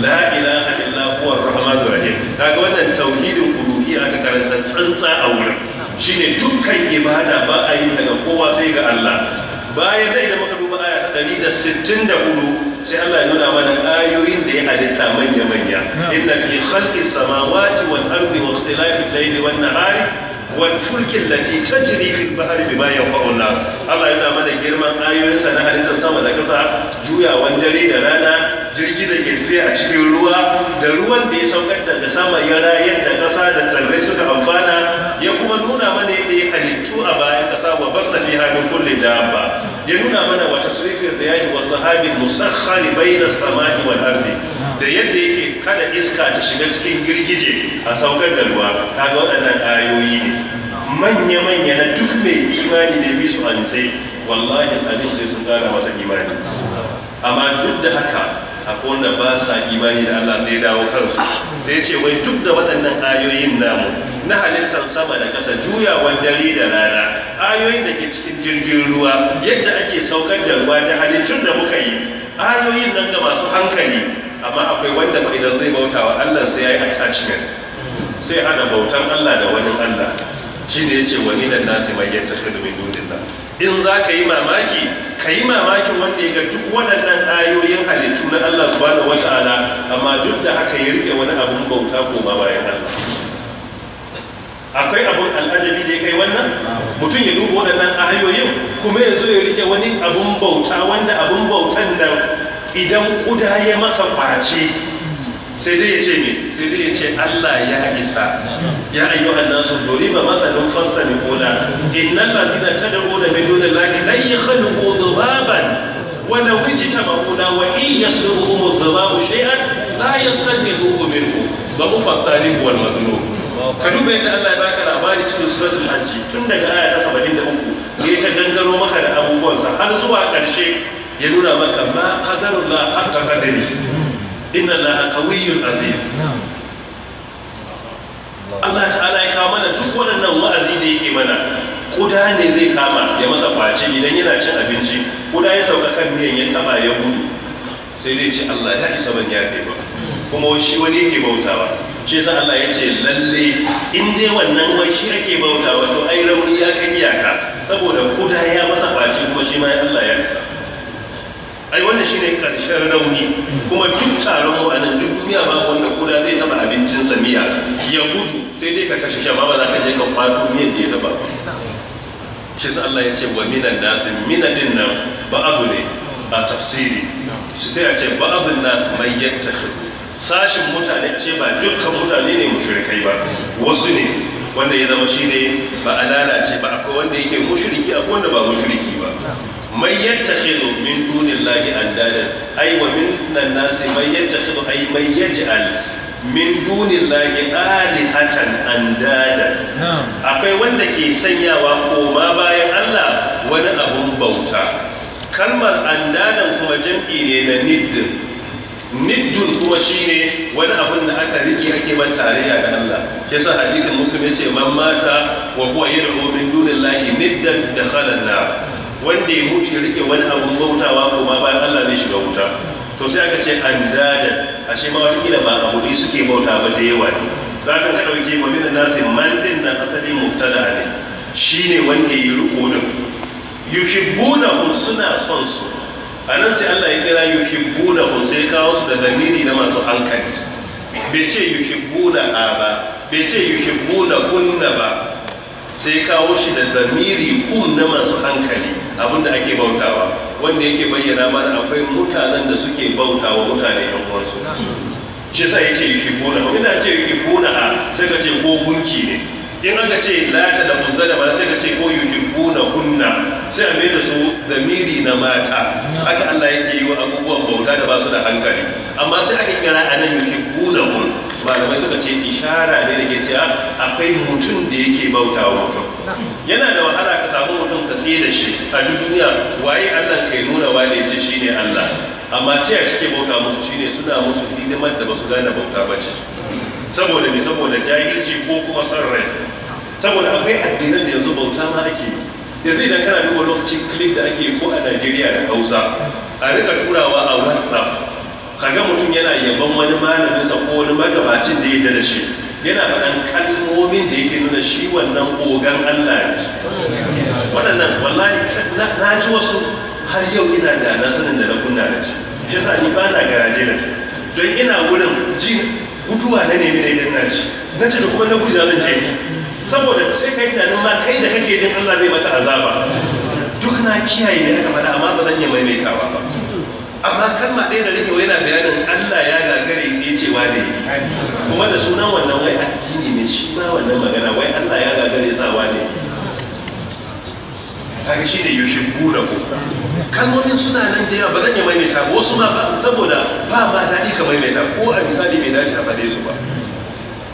S2: la ilaha illa huwa ar rahim kaga wannan tauhidin uluhiyya aka karanta tsantsa a wurin shine dukkan ibada ba a yi daga kowa sai ga Allah bayan da muka duba aya ta 164 sai Allah ya nuna mana ayoyin da ya halitta manya manya inna fi khalqis samawati wal ardi wa ikhtilafil layli wan nahari Wani fulkin lati tajri fil bahri bima yanfa'u nas Allah yana mana girman ayoyinsa na halittar sama da kasa juyawan dare da rana jirgi da girfe a cikin ruwa da ruwan da ya saukar daga sama ya rayar da kasa da tsirrai suka amfana ya kuma nuna mana yadda ya halittu a bayan ƙasa, wa barsa fi hamin kulli dabba ya nuna mana wa ya yi wa sahabin musakhari na samai wal ardi da yadda yake kada iska ta shiga cikin girgije a saukar da ruwa ta ga waɗannan ayoyi ne manya manya na duk mai imani da bi su nisai wallahi abin sai sun kara masa imani amma duk da haka akwai wanda ba sa imani da Allah sai dawo kansu sai ce wai duk da waɗannan ayoyin namu na halittar sama da kasa juyawan dare da rana ayoyin da ke cikin jirgin ruwa yadda ake saukar da ruwa da halittun da muka yi ayoyin nan ga masu hankali amma akwai wanda ba idan zai bauta wa Allah sai ya yi attachment sai hana bautan Allah da wani Allah shi ne ya ce wani minan nasi mai yadda min nan in za ka yi mamaki ka yi mamakin wanda ya ga duk waɗannan ayoyin halittu na Allah su wata ala amma duk da haka ya rike wani abun bauta koma bayan Allah akwai abun al'ajabi da ya kai wannan mutum ya duba waɗannan a ahayoyin kuma ya zo ya rike wani abun bauta wanda abun bautan da idan kuda ya masa ƙwace sai dai ya ce me sai dai ya ce Allah ya isa ya ayyuhan nasu duriba masalun fastani kula innal ladina tad'una min da la yakhluqu dhubaban ولو اجتمعونا وإن يسلبهم الذباب شيئا لا يستنقذوه منه ضعف الطالب ka duba yadda Allah ya baka labari cikin suratul hajj tun daga aya ta 73 ya ta gangaro maka da abubuwansa har zuwa ƙarshe ya nuna maka ma qadarullah haqqa qadari inna allaha qawiyyun aziz Allah ta'ala ya kawo mana duk waɗannan wa'azi da yake mana kuda ne zai kama ya masa face idan yana cin abinci kuda ya sauka kan miyan ya taba ya gudu sai dai ce Allah ya isa ban yafe ba kuma shi wani yake bautawa shi s.a. Allah ya ce lalle in dai wannan wai shi ake bauta wato ai rauni ya kai iyaka saboda kuda ya masa faci kuma shi ma Allah ya isa ai wannan shine karshen rauni kuma duk taron mu a nan duk duniya ba wanda kuda zai taba abincin sa miya ya gudu sai dai ka kashe shi amma ba za ka je ka kwato miyan da ya taba shi yasa Allah ya ce wa minan nasi minadin nan abu ne a tafsiri shi sai ya ce ba'adun nasi mai sashin mutane ce ba dukkan mutane ne mushrikai ba wasu ne wanda ya zama shine ba a lalace ba akwai wanda yake mushriki akwai wanda ba mushriki ba mai yattakhidhu min dunin dunillahi andadan ay wa min nan nasi mai yattakhidhu ai mai yaj'al min dunin dunillahi alihatan andadan akwai wanda ke sanyawa koma bayan Allah wani abun bauta kalmar andadan kuma jam'i ne na niddin niddun kuma shine wani abun da aka rike ake ban tarayya da Allah ke sa hadisin muslim yace man mata wa huwa yad'u min dunillahi niddan dakhala an na. wanda ya mutu ya rike wani abun bautawa ma bayan Allah ne shiga wuta to sai aka ce andadan ashe ma wata kila ba abu ne suke bauta ba da yawa ne za ka dauke ma min nasi man din nan asali muftada ne shine wanda ya riko din yuhibbunahum suna son su a nan sai Allah ya kira yuhibbuna sai kawo su daga dalili na masu hankali bai ce yuhibbuna a ba bai ce yuhibbuna kunna ba sai kawo shi da zamiri kun na masu hankali abinda ake bautawa wanda yake bayyana mana akwai mutanen da suke bautawa mutane yan uwansu shi sa yace yuhibbuna ina ce yuhibbuna a sai ka ce ko gunki ne in aka ce lata da uzza da sai ka ce ko yuhibbuna hunna sai a da su da miri na mata haka Allah yake yi wa abubuwan bauta da ba su da hankali amma sai aka kira anan yuhibbuna hun malamai suka ce ishara ne da ke cewa akwai mutum da yake bauta wa mutum yana da wahala ka samu mutum ka tsaye da shi a duk duniya waye Allah kai nuna wane ce shine Allah amma ta suke bauta musu shine suna musu hidimar da ba su gane bauta ba ce saboda me saboda jahilci ko kuma son rai saboda akwai addinan da yanzu bauta ma ake yi yanzu idan kana duba lokacin clip da ake ko a najeriya da hausa a rika turawa a whatsapp kaga mutum yana yabon wani sa ko wani magabacin da ya da shi yana faɗan kalmomin da yake nuna shi wannan ogan allah ne waɗannan wallahi na ji wasu har yau ina da na sanin da na kunna da shi shi yasa ni ba na garaje da shi don ina wurin jin guduwa na nemi na idan na ci na ci da kuma na gudu na zan je saboda sai kai tunanin ma kai da kake jin Allah zai maka azaba duk na kiyaye ne aka faɗa amma ba zan yi maimaitawa ba amma kalma ɗaya da nake yana bayanin Allah ya gagare sai cewa ne kuma da sunan wannan wai addini ne shi ma wannan magana wai Allah ya gagare sawa ne kaga shi ne yushibbu da ku kalmomin suna nan da yawa ba zan yi maimaita wasu ma ba saboda ba ba daɗi ka maimaita ko a misali bai dace a faɗe su ba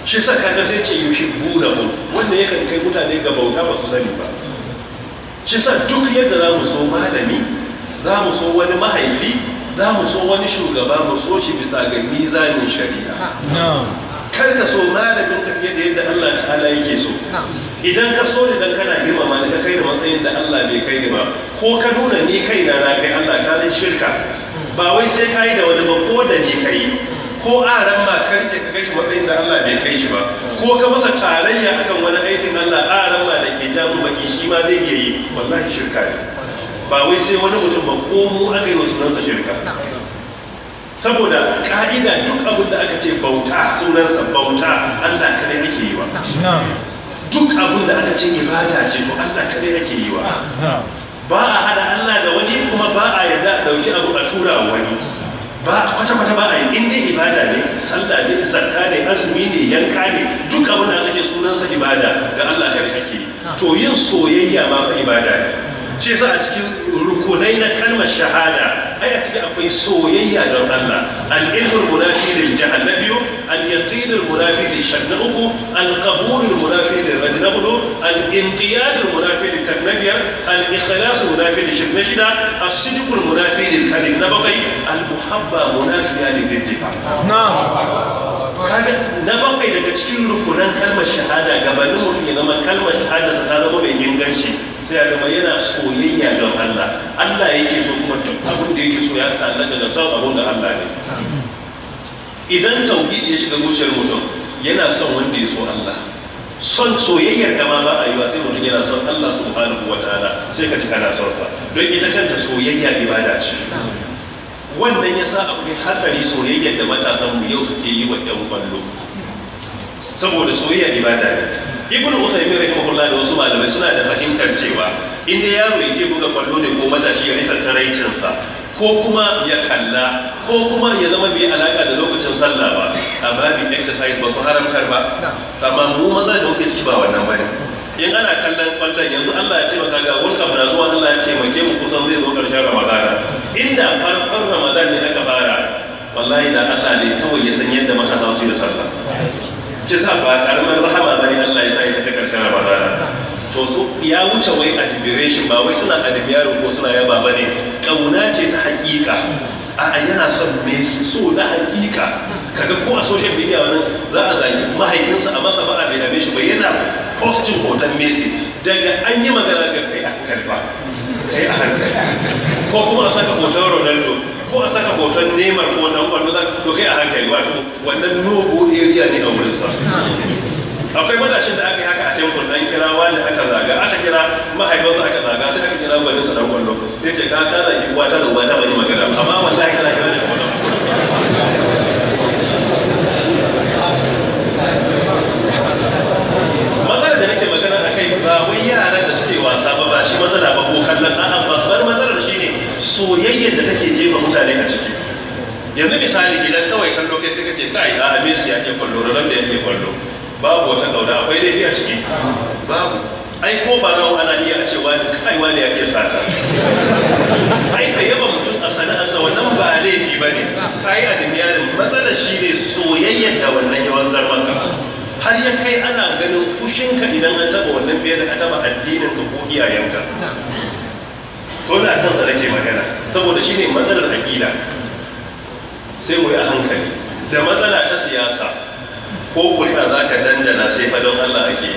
S2: shi sa kaga sai ce buɗa mu wanda yakan kai mutane ga bauta ba su sani ba shi sa duk yadda za mu so malami za mu so wani mahaifi za mu so wani shugaba mu so shi bisa ga mizanin shari'a kar ka so malamin ka fiye da yadda Allah ta'ala yake so idan ka so idan kana girmama ni ka kai da matsayin da Allah bai kai ni ba ko ka nuna ni kai na kai Allah ta shirka ba wai sai kai da wani ba ko da ni kai ko a ran ma ka rike ka kai shi matsayin da Allah bai kai shi ba ko ka masa tarayya akan wani aikin Allah a ran ma da ke jamu baki shi ma zai iya yi wallahi shirka ne ba wai sai wani mutum ba ko mu aka yi wasu sunansa shirka saboda ka'ida duk abin da aka ce bauta sunansa bauta Allah kadai yake yi wa duk abin da aka ce ibada ce to Allah kadai yake yi wa ba a hada Allah da wani kuma ba a yarda a dauki abu a tura wani ba kwata kwata ba a yi in ibada ne salla ne zakka ne azumi ne yanka ne duka abin da sunan sa ibada ga Allah ka kake to yin soyayya ma fa ibada ne shi yasa a cikin rukunai na kalmar shahada ai a cikin akwai soyayya don Allah al-ilmul munafi lil jahal na biyu al-yaqinul munafi lil shak na uku al-qabulul munafi lil rad na hudu al-inqiyadul munafi lil tak na biyar al-ikhlasul munafi lil shak na shida as-sidqul munafi lil kalim na bakwai al-muhabba munafiya lil difa na'am na bakwai daga cikin rukunan kalmar shahada gabanin mutum ya zama kalmar shahada su ta zama mai inganci sai ya gama yana soyayya don Allah Allah yake so kuma duk abin da yake so ya ta'allaka daga sau abin da Allah ne idan tauhidi ya shiga zuciyar mutum yana son wanda ya so Allah son soyayyar kama ba a yi ba sai mutum yana son Allah subhanahu ta'ala sai ka ji kana sarfa don ita kanta soyayya ibada ce wannan ya sa akwai hatsari soyayyar da matasan mu yau suke yi wa ɗan kwallo saboda soyayya ibada ne ibn usaymin rahimahullah da wasu malamai suna da fahimtar cewa inda dai yaro yake buga kwallo ne ko matashi ya rika sa ko kuma ya kalla ko kuma ya zama bai alaka da lokacin sallah ba a babin exercise ba su haramtar ba amma mu maza da muke ciki ba wannan bane in ana kallon kwallon yanzu Allah ya ce taimaka ga wani kafin zuwa Allah ya ce taimake mu kusan zai zo karshen Ramadana inda farkon Ramadan ne aka fara wallahi da Allah ne kawai ya san yadda matasa su yi da sallah ce sa ba karamar rahama bane Allah ya sa ya ta karshen Ramadana to su ya wuce wai admiration ba wai suna admiring ko suna yaba bane kauna ce ta hakika a'a yana son me so na hakika kaga ko a social media wani za a zagi mahaifinsa a masa ba a bai dame shi ba yana postin hoton messi daga an yi magana ga kai a hankali ba kai a hankali ko kuma a saka hoton ronaldo ko a saka hoton neymar ko wannan wanda za to kai a hankali wato wannan nogo area ne a wurin sa akwai matashin da aka yi haka a cikin dan kira wanda aka zaga aka kira mahaifinsa aka zaga sai aka kira gwanin sa dan kwallo sai ce ka ka zagi uwata da wata ban yi magana amma wallahi kana kira kallon a'a babbar matsalar ne soyayyar da take jefa mutane a ciki yanzu misali idan kawai kallo kai sai ka ce kai a Messi ya ke kwallo ran da ya ke kwallo babu wata kauna akwai laifi a ciki babu ai ko ba rawa ana iya a ce wani kai wani ya iya sata ai ka yaba mutum a sana'arsa wannan ba laifi ba ne kai a dimiyarin matsalar shi ne soyayyar da wannan yawan zarman ka har ya kai ana ganin fushinka idan an taba wannan fiye da ka taba addinin ka ko iyayenka dole a kansa nake magana saboda shine matsalar aƙida sai mu yi a hankali da matsala ta siyasa ko kuri'a za ka dandana sai fa don Allah ake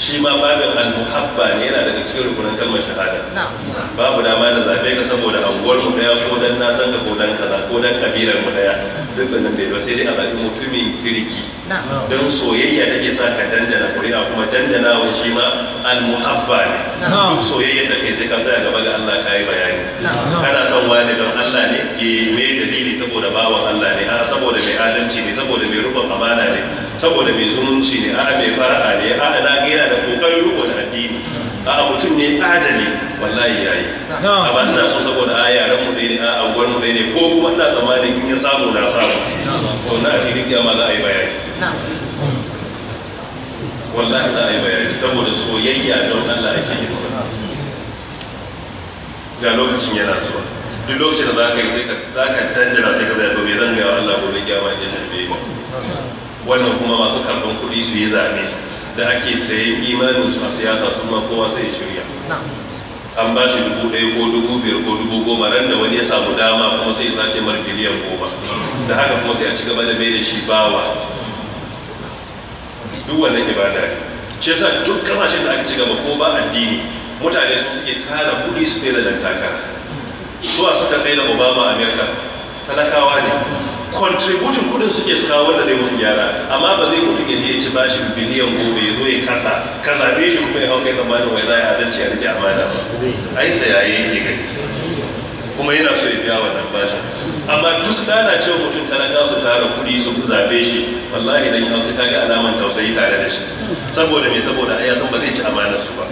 S2: shi ma babin al-muhabba ne yana daga cikin rukunin kalmar shahada babu dama da zaɓe ka saboda anguwar mu daya ko dan nasan san ka ko dan kaza ko dan kabilar mu daya duk da nan bai ba sai dai a zabi mutumin kirki don soyayya ta ke sa ka dandana kuri'a kuma wa shi ma al-muhabba ne duk soyayya ta kai sai ka tsaya gaba ga Allah ka yi bayani kana son wani don Allah ne ke eh, me dalili saboda bawa Allah ne a saboda mai adalci ne saboda mai rubar amana ne saboda mai zumunci ne a mai fara'a ne a na gina da kokarin rubar a mutum ne adali wallahi yayi a ban na so saboda a yaran mu dai ne a anguwar mu dai ne ko kuma ina tsammanin in ya samu na samu ko na fi rikiya ma za a yi bayani wallahi za a yi bayani saboda soyayya don Allah ake yi ga lokacin yana zuwa duk lokacin da za ka yi sai ka za ka dandana sai ka zai to bai zan gaya Allah gobe kiyama in ya tambaye wannan kuma masu karban kuɗi su yi zaɓe da ake sayan imanin su a siyasa sun ma kowa sai ya shirya an ba shi dubu ɗaya ko dubu biyar ko dubu goma ran da wani ya samu dama kuma sai ya sace mar biliyan goma da haka kuma sai a ci gaba da mai da shi bawa duk wannan ibada ne shi yasa duk kasashen da aka ci gaba ko ba addini mutane su suke tara kuɗi su fere da dan takara suwa suka tsaye da obama a amerika talakawa ne Kontributin kudin suke su kawo wanda zai musu gyara amma ba zai mutum ya ya ci bashin biliyan gobe ya zo ya kasa ka zabe shi kuma ya hau kai tsammanin wai za ya adalci a rike amana
S1: ba
S2: ai sayaye yake kai kuma yana so ya biya wannan bashin amma duk lalacewa mutum talaka su tara kudi su zabe shi wallahi dan hausa kaga alaman tausayi tare da shi saboda me saboda ai san ba zai ci amanar su ba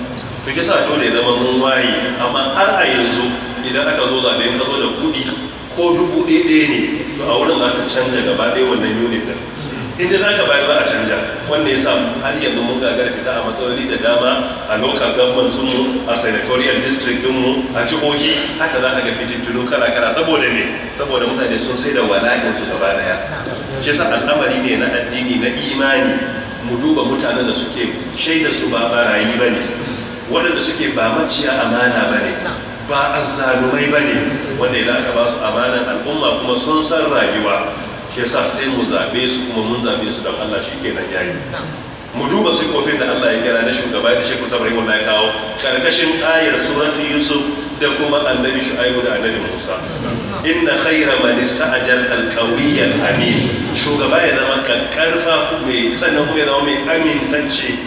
S2: to kisa dole ya zama mun waye amma har a yanzu idan aka zo zabe in ka zo da kudi ko dubu ɗaya ɗaya ne to a wurin za ka canja gaba ɗaya wannan unit ɗin inda za ka bayar za a canja wanda ya samu har yanzu mun gagara fita a matsaloli da dama a local government sun mu a senatorial district din mu a jihohi haka za ka ga fitintunu kala kala saboda me saboda mutane sun sai da wala'in su gaba daya shi yasa al'amari ne na addini na imani mu duba mutanen da suke shaida su ba barayi bane waɗanda suke ba maciya amana bane ba azzalumai ba ne wanda idan aka ba su amanan al'umma kuma sun san rayuwa shi sa sai mu zaɓe su kuma mun zaɓe su don Allah shi kenan yayi mu duba sifofin da Allah ya kira na shugaba da shekku sabar yau ya kawo karkashin ayar suratu yusuf da kuma annabi shu'aibu da annabi musa inna khayra man ista'jal al qawiy al amin shugaba ya zama kakkarfa mai sannan kuma ya zama mai amintacce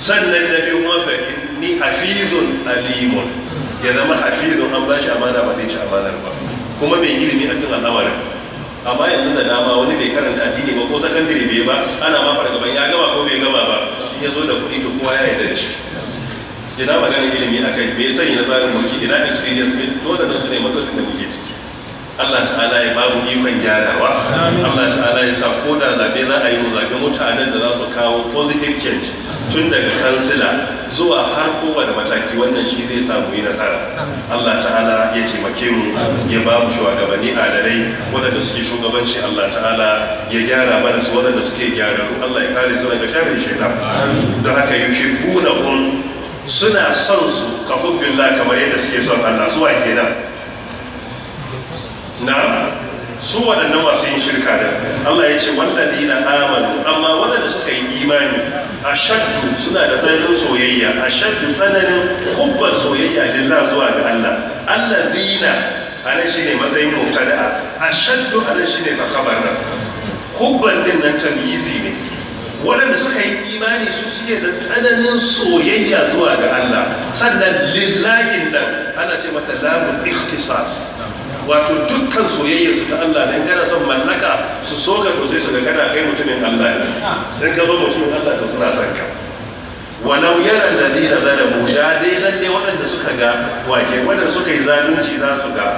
S2: sannan na biyu kuma fa inni hafizun alimun ya zama don an ba shi amana ba zai ci amanar ba kuma mai ilimi kan al'amarin amma yanzu da dama wani bai karanta addini ba ko sakandare bai ba ana ma fargaban ya gama ko bai gama ba ya zo da kuɗi to kowa ya yarda da shi ina maganin ilimi kai me yasa na tsarin mulki ina experience me dole da su ne matsalolin da muke ciki Allah ta'ala ya babu iman gyarawa Allah ta'ala ya sa ko da zabe za a yi mu zabe mutanen da za su kawo positive change tun daga kansila zuwa har kowane mataki wannan shi zai samu yi nasara Allah ta'ala ya taimake mu ya ba mu shugabanni adalai waɗanda suke shugabanci Allah ta'ala ya gyara mana su wadanda suke gyararru Allah ya kare su daga sharin shaida don haka yi kun suna son su ka hubbillah kamar yadda suke son Allah suwa kenan Na. su waɗannan masu yin shirka da Allah ya ce wallazi na amanu amma waɗanda suka yi imani a shaddu suna da tsananin soyayya a shaddu tsananin hubban soyayya lillah zuwa ga Allah zina. anan shine matsayin mubtada a shaddu anan shine fa khabar hubban din nan tamyizi ne waɗanda suka yi imani su suke da tsananin soyayya zuwa ga Allah sannan lillahin nan ana ce mata lamun ikhtisas wato dukkan soyayya su ta Allah dan kana son mallaka su so ka to sai su ga kana kai mutumin Allah ne dan ka zo mutumin Allah to suna sanka. ka walau yara alladhina zalamu da dai ne waɗanda suka ga wake waɗanda suka yi zalunci za su ga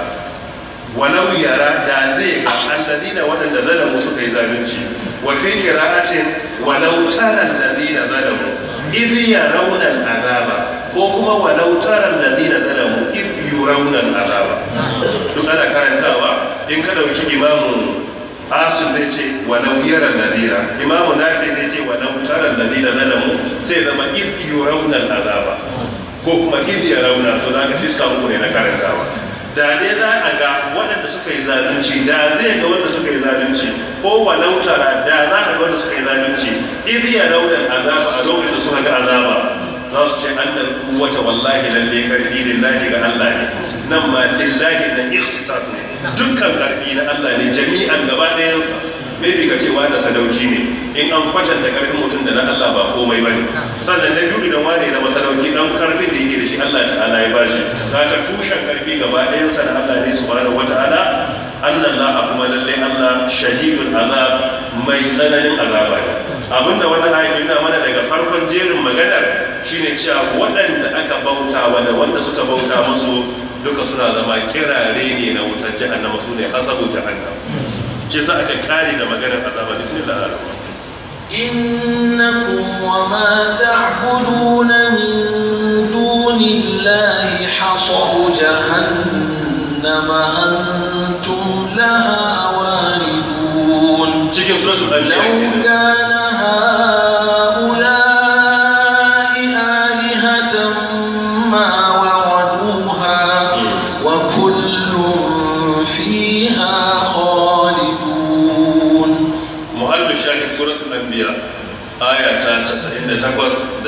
S2: walau yara da zai ga alladhina waɗanda zalamu suka yi zalunci wa fi qira'atin walau tara alladhina zalamu idh yarawna al'azaba ko kuma walau taran ladina zalamu id yurawna azaba duk ana karantawa in ka dauki imamu asun zai ce walau yara ladina imamu nafi zai ce walau taran ladina zalamu sai zama id yurawna azaba ko kuma id yarawna to ka fiska uku ne na karantawa da dai za a ga waɗanda suka yi zalunci da zai ga wanda suka yi zalunci ko walautara da za a ga wanda suka yi zalunci idi ya raunar azaba a lokacin da suka ga azaba za su ce kuwata wallahi lalle karfi lillahi ga Allah ne nan ma lillahi na ikhtisas ne dukkan karfi na Allah ne jami'an gaba ɗayansa bi ka ce da sadauki ne in an da karfin mutum da na Allah ba komai ba ne sannan na biyu idan wane na masadauki dan karfin da yake da shi Allah ta'ala ya bashi ka tushen karfi gaba ɗayansa na Allah ne subhanahu wata'ala annan la'a kuma lallai Allah shahidul azab mai tsananin azaba abinda wani aya nuna mana daga farkon jerin maganar shine cewa waɗanda aka bauta wa da wanda suka bauta musu duka suna zama kirare ne na wutar jahannama su ne hasabu jahannama shi sa aka kare da maganar azaba bismillah ar-rahman
S3: إنكم وما تعبدون من دون الله حصب جهنم أنتم لها واردون لو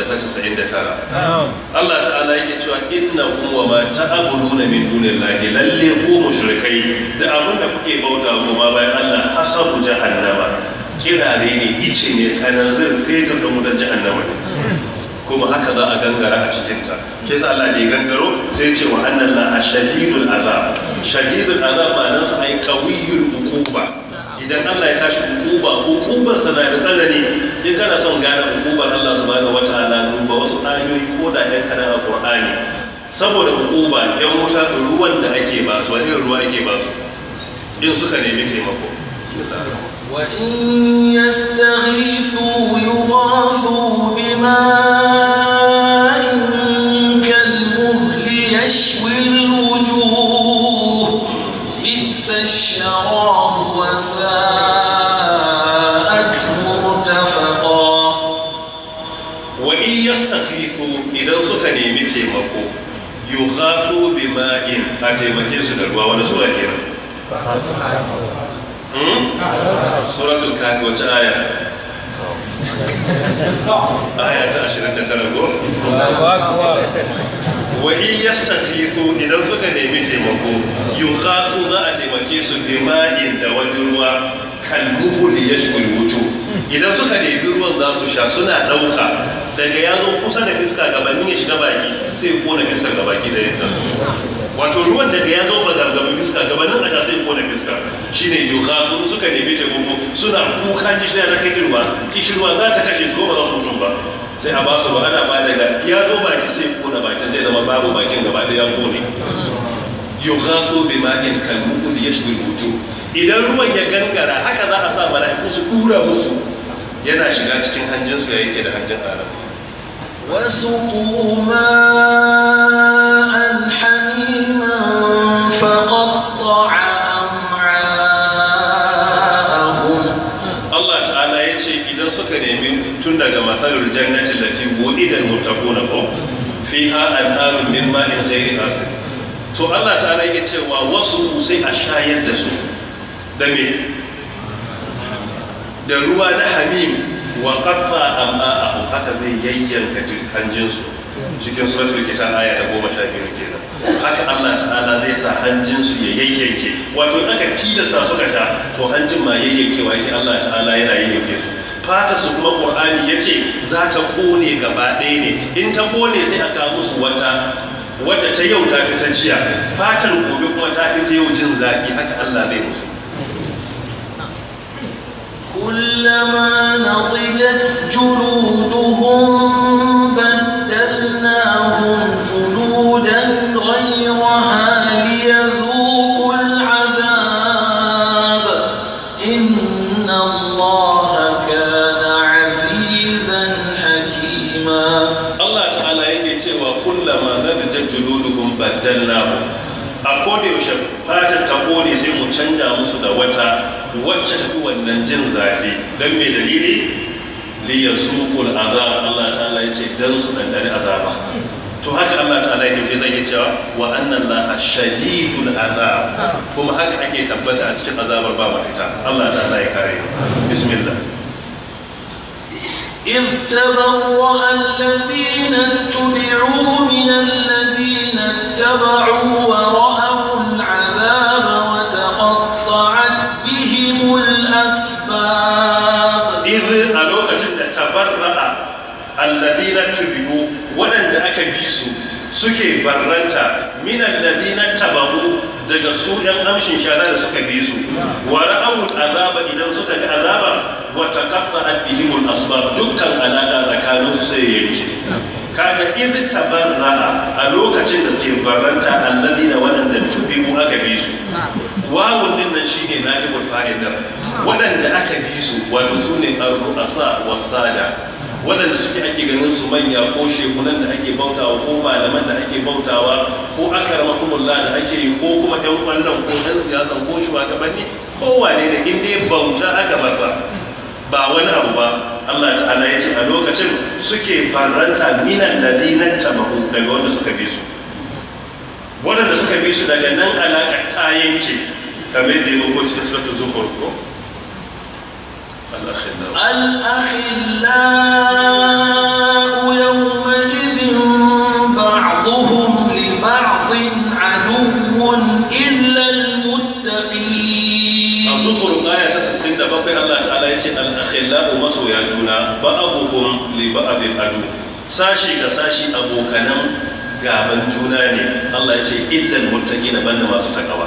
S2: ta casa'in da tara Allah ta'ala yake cewa inna hum wa ma ta'buduna min dunillahi lalle ku mushrikai da abin da kuke bauta kuma bayan Allah hasabu jahannama kirare ne ice ne kanan zir fetur da mutan jahannama ne kuma haka za a gangara a cikinta ke sa Allah ne gangaro sai ce wa annan la shadidul azab shadidul azab ma nan sa ai qawiyul idan Allah ya tashi hukuba hukubar sa da tsanani in kana son gane hukubar Allah subhanahu ta'ala duba wasu ayoyi ko da ya kana a Qur'ani saboda hukuba ya wuta ruwan da ake ba su wani ruwa ake ba su in suka nemi taimako
S3: wa in yastaghisu yughasu bima
S2: taimake su da ruwa wani sura kenan hmm? suratul kafi wace aya aya ta ashirin da tara go wa in yastafifu idan suka nemi taimako yukhafu za a taimake su ma'in da wani ruwa kan ya yashkul wujuh idan suka nemi ruwan za su sha suna ɗauka daga ya kusa da fiska gabanin ya shiga baki sai kona fiska gabaki da yankan wato ruwan da ya zo magargamin fiska gabanin a sai kone fiska shine yughafun suka nemi taimako suna kuka ruwa? Ki shi ruwa za ta kashe su ba za su mutu ba sai a basu ba ana ba daga ya zo baki sai ba baki sai zama babu bakin gaba da ya kone yughafu bima'in kalmuhul yashwi alwujuh idan ruwan ya gangara haka za a sa mala'iku su dura musu yana shiga cikin hanjin su yake da hanjin arab
S3: wasu kuma
S2: zai to Allah ta yake cewa wasu sai a shayar da su da me da ruwa na hamim wa qatta a haka zai yayyanka cikin su cikin suratul kitab aya ta ke nan haka Allah ta'ala zai sa hanjin su ya yayyanke wato in aka tilasta suka sha to hanjin ma yayyankewa yake Allah ta'ala yana yayyanke su fata su kuma qur'ani yace za ta kone gaba ɗaya ne in ta kone sai a kawo musu wata wadda ta yau ta fitan jiya, fatar gobe kuma ta fita yau jin zafi haka Allah zai musu
S3: kullama nadijat juluduhum
S2: wannan jin zafi don me dalili li ya suƙul azab Allah ta'ala ya ce don su ɗanɗani azaba to haka Allah ta'ala ya fi zai cewa wa annan la shadidul azab kuma haka ake tabbata a cikin azabar ba mafita Allah ta'ala ya kare bismillah
S3: إذ تبرأ الذين اتبعوا
S2: bi suke barranta minan ladina tababu daga su yan amshin shara da suka bi su wa ra'awul azaba idan suka ga azaba wa bihim al asbab dukkan alaka tsakanin su sai yanke kaga idh tabarra a lokacin da suke barranta alladina wadanda mu aka bi su wawun din nan shine na'ibul fa'il wadanda aka bi su wato sune ar-ru'asa was-sada waɗanda suke ake ganin su manya ko shekunan da ake bautawa ko malaman da ake bautawa ko akarmakumullah da ake yi ko kuma yan ƙwallon ko ɗan siyasan ko shugabanni kowane ne in ya bauta aka masa ba wani abu ba Allah ta'ala ya ce a lokacin suke faranta minan ladinan tabahu daga wanda suka bi su waɗanda suka bi su daga nan alaƙa ta yanke kamar da ya cikin suratul zuhur ko الأخلاء
S3: يومئذ بعضهم لبعض عدو إلا المتقين
S2: أزخر آية 67 الله تعالى يقول الأخلاء مسويا جونا بعضهم لبعض عدو sashi da sashi abokanan gaban juna ne Allah ya ce illal muttaqina banda masu takawa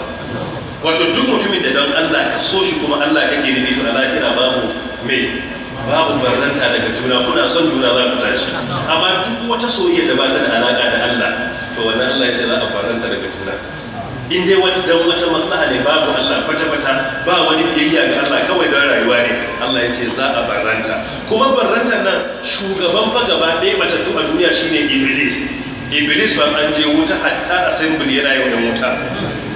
S2: wato duk mutumin da don Allah ka so shi kuma Allah kake nufi to a lahira babu me babu barnanta daga juna kuna son juna za ku tashi amma duk wata soyayya da ba ta da alaka da Allah to wannan Allah ya ce za a barnanta daga juna in dai wata dan wata maslaha ne babu Allah kwata kwata ba wani biyayya ga Allah kawai don rayuwa ne Allah ya ce za a barranta kuma barrantar nan shugaban fa gaba ɗaya matattu a duniya shine Iblis iblis ba an je wuta hatta assembly yana yau da wuta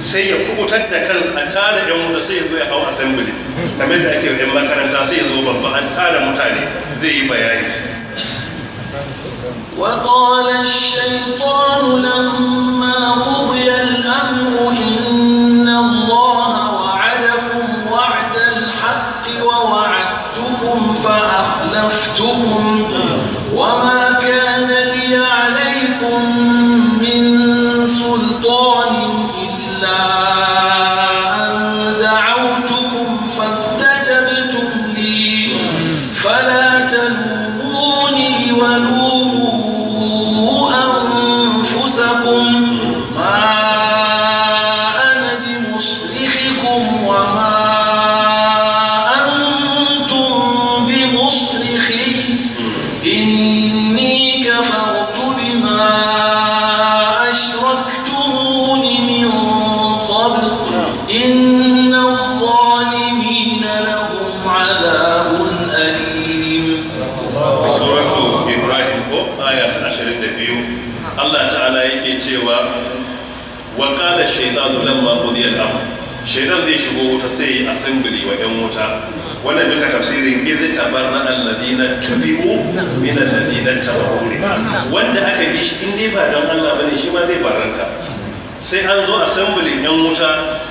S2: sai ya kubutar da kansa a tara yan wuta sai ya zo ya hau assembly kamar da ake yan makaranta sai ya zo babba an tara mutane zai yi bayani
S3: وقال الشيطان لما قضي الأمر إن الله وعدكم وعد الحق ووعدتكم فأخلفتكم وما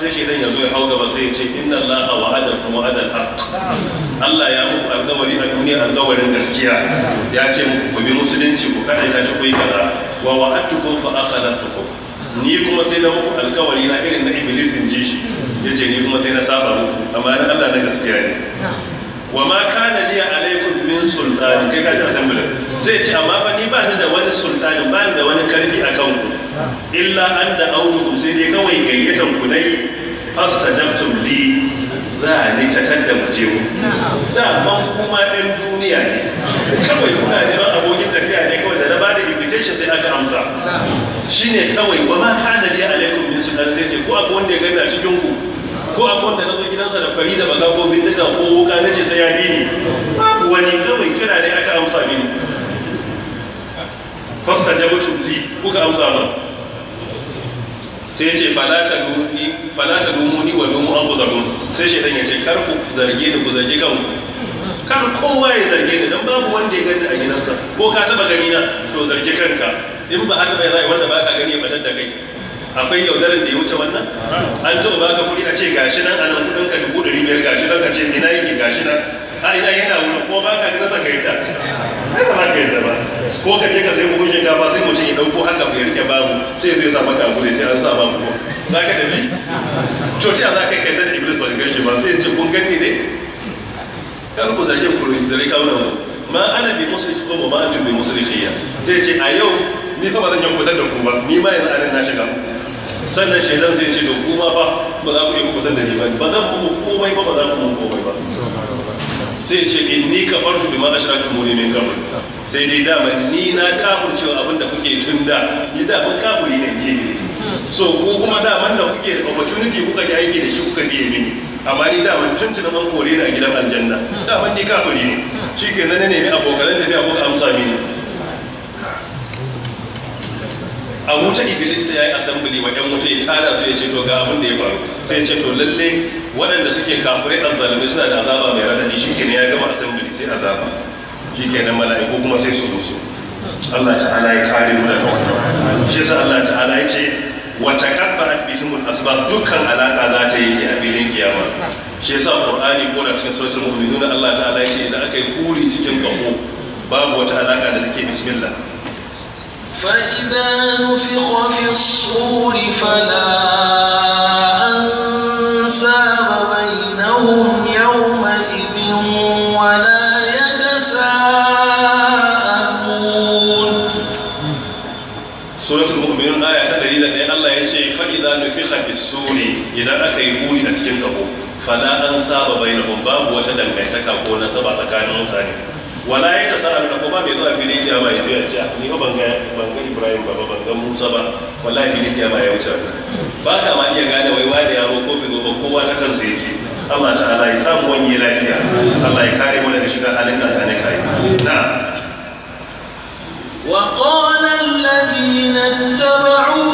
S2: sai shi dan yazo ya hau gaba sai ya ce inna allaha wa'adakum wa'adal haqq Allah ya muku alƙawari a duniya alƙawarin gaskiya ya ce muku ku bi musulunci ku kada shi ku yi kaza wa wa'adtukum fa ni kuma sai muku alƙawari na irin na iblis in ji shi yace ni kuma sai na saba muku amma Allah na gaskiya ne wa ma kana li alaikum min sultani kai ka ji assembly zai ce amma ba ni ba ni da wani sultani ba ni da wani illa an da audu sai dai kawai gayyatan ku dai fastajabtum li za ni ta kadda mu je da man kuma ɗan duniya ne kawai kuna neman abokin tafiya ne kawai da na ba da invitation sai aka amsa shine kawai wa ma kana li alaikum min sunan sai ce ko akwai wanda ya gani a cikin ku ko akwai wanda na zo gidansa da fari da baga ko bindiga ko wuka na ce sai ya bi ni wani kawai kira ne aka amsa mini fastajabtum li kuka amsa ba sai ya ce fala ta ni wa domo an kuzakun sai ɗan ya ce kar ku zarge ni ku zarge kanku kar kowa ya zarge ni don babu wanda ya gani a gidansa ko ka taba gani na to zarge kanka in ba haka bai zai wanda ba ka gani ya batar da kai akwai yaudarin da ya wuce wannan an ba ka kuɗi a ce gashi nan a nan kuɗin ka dubu ɗari biyar gashi nan ka ce ina yake gashi nan ai ai yana wuri ko ba ka gina saka yadda ai ba ka yadda ba ko ka je ka sai buhun shinkafa sai mutum ya dauko haka bai rike babu sai zai sa maka abu ne ce an sa babu ko za ka tafi cociya za ka kai da iblis ba ka ganshi ba sai ce kun gani ne kan ku zarge ku zare kaunan mu ma ana bi musulki ko bi sai ce a yau ni ba zan yankutar da ku ba ni ma yanzu anan na shiga sannan shaidan zai ce da kuma ba ba za ku yi da ni ba ba zan ku komai ba ba za ku komai ba sai ya ce inni kafartu bima ashraktumuni min gama. sai dai dama ni na kafircewa abin da kuke tun da ni da ban kafiri ne ke ne so ko kuma daman da kuke opportunity kuka ji aiki da shi kuka biye mini amma ni tun tun man kore na gidan aljanna dama ni kafiri ne shikenan na nemi abokan da ne kuka amsa mini a wuta iblis ya yi asambili wa yan ya tara su ya ce to ga abin da ya faru sai ya ce to lalle waɗanda suke kafirai azzalimai suna da azaba mai raɗaɗi. radadi shikenan ya gama assembly sai azaba nan mala'iku kuma sai su rusu Allah ta'ala ya kare mu daga wannan shi yasa Allah ta'ala ya ce wa takabbarat bihimul asbab dukkan alaka za ta yake a filin kiyama shi yasa qur'ani ko da cikin suratul mu'minun Allah ta'ala ya ce idan aka yi kuri cikin kafo babu wata alaka da take bismillah
S3: فإذا fi في الصور فلا
S2: su ne idan aka yi buri a cikin kaho fala an saba bai na babu wata dangantaka ko na saba tsakanin mutane wala ya ta sa'a da ko ba mai zuwa filin kiyama ya zuwa ce ah, ni ba ban ga ibrahim ba ban ga musa ba wala filin kiyama ya wuce ba ka ma iya gane wai wani yaro ko bai ba kowa ta kansa yake Allah ta ala ya samu wani lafiya Allah ya kare mu daga shiga halin da ta ne kai na'am
S3: وقال الذين اتبعوا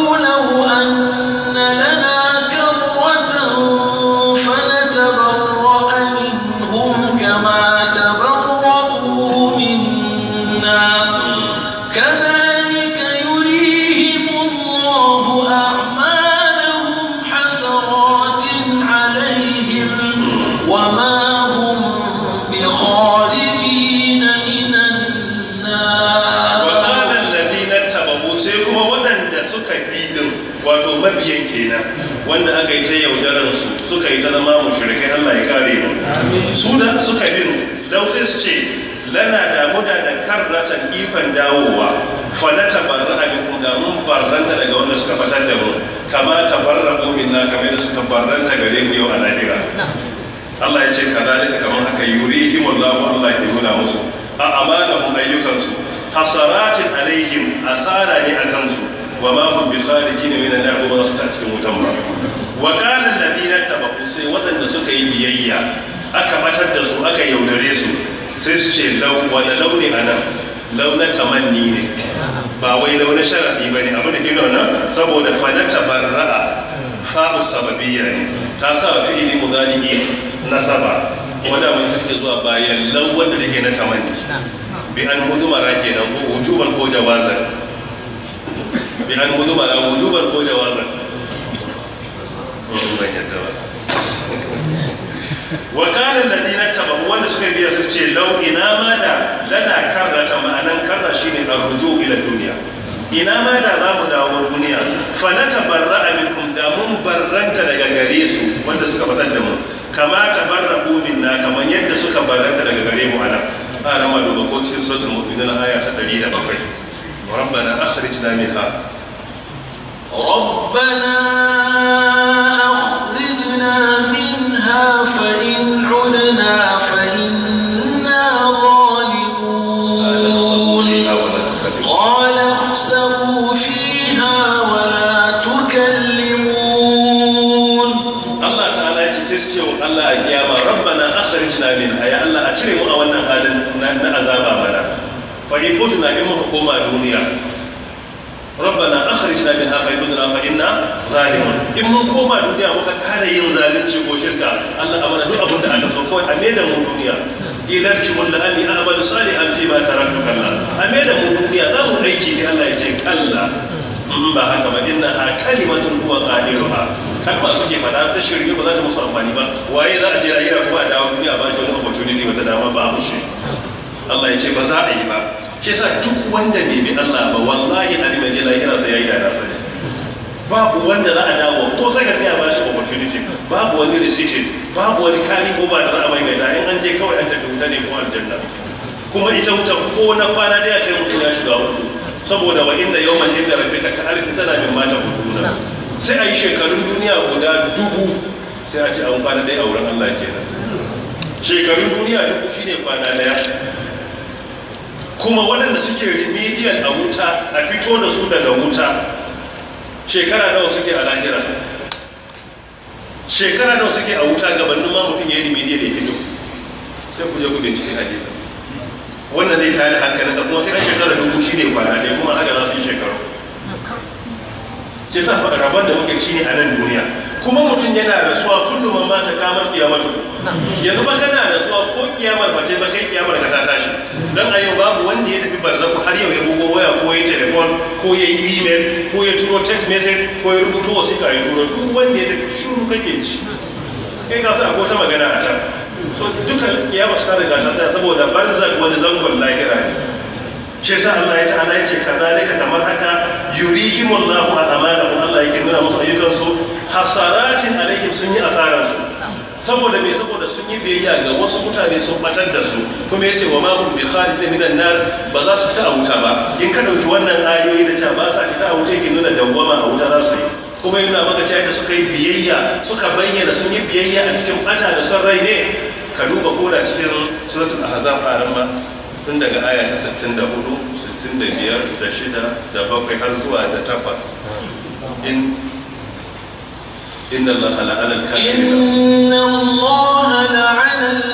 S2: kama tabarrabu na kamar da suka barranta gare mu yau a lahira Allah ya ce kadalika kamar haka yurihim Allahu Allah ke nuna musu a amalahum ayyukansu hasaratin alaihim asara ne a kansu wa ma hum bi kharijin min an-nar ba su ta cikin wutan ba wa qala alladhina tabaqu sai wadanda suka yi biyayya aka batar da su aka yaudare su sai su ce lau launi a nan launa tamanni ne ba wai launa sharafi ba ne abu da ke nuna saboda fana tabarra'a fa'u sababiyya ne ta sa fi'ili na nasaba wanda mun tafi zuwa bayan launa da ke na tamanni bi an ke kenan ko wujuban ko jawazan bi an mara wujuban ko jawazan ba wa kana alladhina tabu wanda suka biya su ce lau ina ma da lana karrata ma'anan karra shine arruju ila duniya ina ma da za mu dawo duniya fa a minkum da mun barranta daga gare su wanda suka batar da mu kama tabarra'u minna kamar yadda suka barranta daga gare mu ana ana ma duba ko cikin suratul na aya ta 107 ربنا أخرجنا ربنا
S3: أخرجنا
S2: zalimun in mun koma duniya muka kare yin zalunci ko shirka Allah amana duk abin da aka so kawai a da mu duniya ilarci wanda an yi amalu salihan fi ma taraktu kalla a da mu duniya za mu aiki sai Allah ya ce kalla in ba haka ba inna ha kalimatun huwa qahiruha kalma suke fada ta shirye ba za ta musu amfani ba waye za a je lahira kuma a dawo duniya ba shi wani opportunity wata dama ba mu shi Allah ya ce ba za a yi ba shi yasa duk wanda bai bi Allah ba wallahi alimajila babu wanda za a dawo ko sai ka biya ba opportunity babu wani recession babu wani kali ko ba da za a mai gaida in an je kawai an tafi wuta ne ko aljanna kuma ita wuta ko na kwana daya kai mutum ya shiga hudu saboda wa inda yau man inda rabbi ka ka'ar ka sana min mata sai a yi shekarun duniya guda dubu sai a ce an kwana dai a wurin Allah kenan shekarun duniya dubu shine kwana daya kuma waɗanda suke remedial a wuta a fito da su daga wuta shekara nawa suke a lahira shekara nawa suke a wuta gabanin ma mutum ya yi rimediya da ya fito sai ku je ku bincike hadisin wannan zai tare hankalin da kuma sai ɗan shekara dubu shi ne kwana ne kuma haka za su yi shekaru ke sa rabon da muke shi ne a nan duniya kuma mutum yana suwa kullum amma ta kamar kiyamatu yanzu ba kana suwa ko kiyamar ba ce ba kai kiyamar ka ta tashi dan a yau babu wanda ya tafi barzaku har yau ya bugo waya ko ya telefon ko ya yi email ko ya turo text message ko ya rubuto ka yi turo duk wanda ya tafi shuru kake ci kai ka sa a kota magana a can so duka ya ba su tare gashin ta saboda barzak wani zangon lahira ne shi yasa Allah ya ta'ala ya ce kadalika kamar haka yurihimullahu al'amalahum Allah yake nuna musu ayyukansu hasaratin alaihim sun yi su saboda me saboda sun yi biyayya ga wasu mutane sun batar da su kuma ya ce wa ma hum bi kharijin minan nar ba za su fita a wuta ba in ka dauki wannan ayoyi da cewa ba sa fita a wuta yake nuna dangwama a wuta za su yi kuma yana maka cewa da suka yi biyayya suka bayyana sun yi biyayya a cikin bata da son rai ne ka duba ko da cikin suratul ahzab faran ma tun daga aya ta 64 65 da 6 da 7 har zuwa da 8 in إن الله لعن الكافرين إن
S3: الله لعن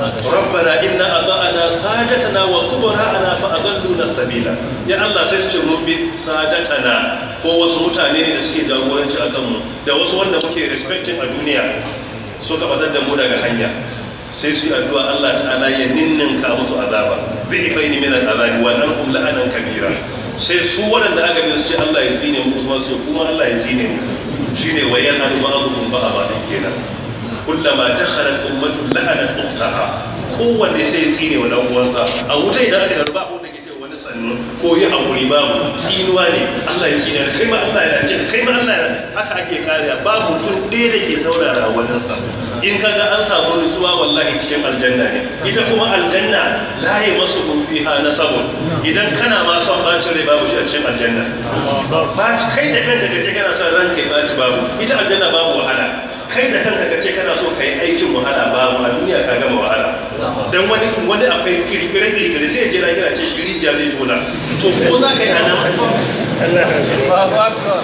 S2: rabbana inna ata'ana sadatana wa kubara'ana fa adalluna sabila ya Allah sai su ce mun bi sadatana ko wasu mutane ne da suke jagoranci akan mu da wasu wanda muke respecting a duniya suka bazar da mu daga hanya sai su yi addu'a Allah ta'ala ya ninninka musu azaba bi ifaini min al'azabi wa nankum la'anan kabira sai su waɗanda aka bi su ce Allah ya zine mu kuma su kuma Allah ya zine mu shine wayan al'adukum ba'a ba kenan kullama dakhalat ummatun la'anat ukhtaha kowanne sai ya tsine wa dan uwansa a wuta idan aka garba ko da kace wani sannu ko yi wuri babu tsinuwa ne Allah ya tsine kai ma Allah ya ce kai ma Allah ya haka ake kariya babu tun ɗaya da ke saurara wannan sa in ga an samu nutsuwa wallahi cikin aljanna ne ita kuma aljanna la yamassu na sabon. idan kana ma son bacin rai babu shi a cikin aljanna ba kai da kanka kace kana son ranka ya baci babu ita aljanna babu wahala kai da kanka ka ce kana so ka yi aikin wahala ba ma duniya ka gama wahala dan wani wani akwai kirkire kirkire zai je na kira ce shi rijiya zai tona to ko za ka yi ana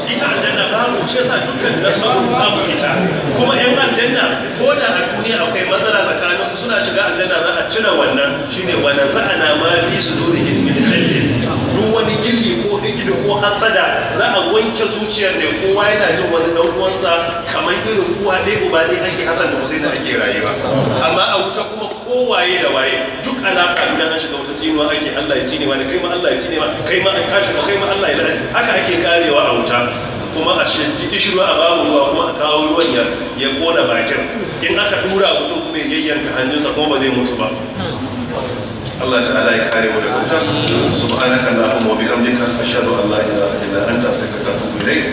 S2: ita aljanna babu shi yasa dukkan da sauran babu ita kuma yan aljanna ko da a duniya akwai matsala tsakanin su suna shiga aljanna za a cire wannan shine wa naza'ana ma fi sudurihim min ghillin duk wani gilli da ko hasada za a wanke zuciyar ne kowa yana jin wani ɗaukuwansa kamar irin kowa dai ba ne ake hasan da da ake rayuwa amma a wuta kuma kowaye da waye duk alaƙa idan an shiga wata tsinuwa ake Allah ya ba ne kai ma Allah ya tsine kai ma an kashe ma kai ma Allah ya lalace haka ake karewa a wuta kuma a shanci kishiro a babu ruwa kuma a kawo ruwan ya ya kona bakin in aka dura mutum kuma ya yayyanka hanjinsa kuma ba zai mutu ba Allah ta'ala ya kare mu da wuta subhanaka allahumma wa bihamdika
S1: ashhadu an la ilaha illa anta astaghfiruka wa atubu ilayk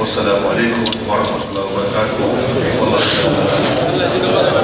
S1: wassalamu alaikum wa rahmatullahi wa barakatuh wallahu ta'ala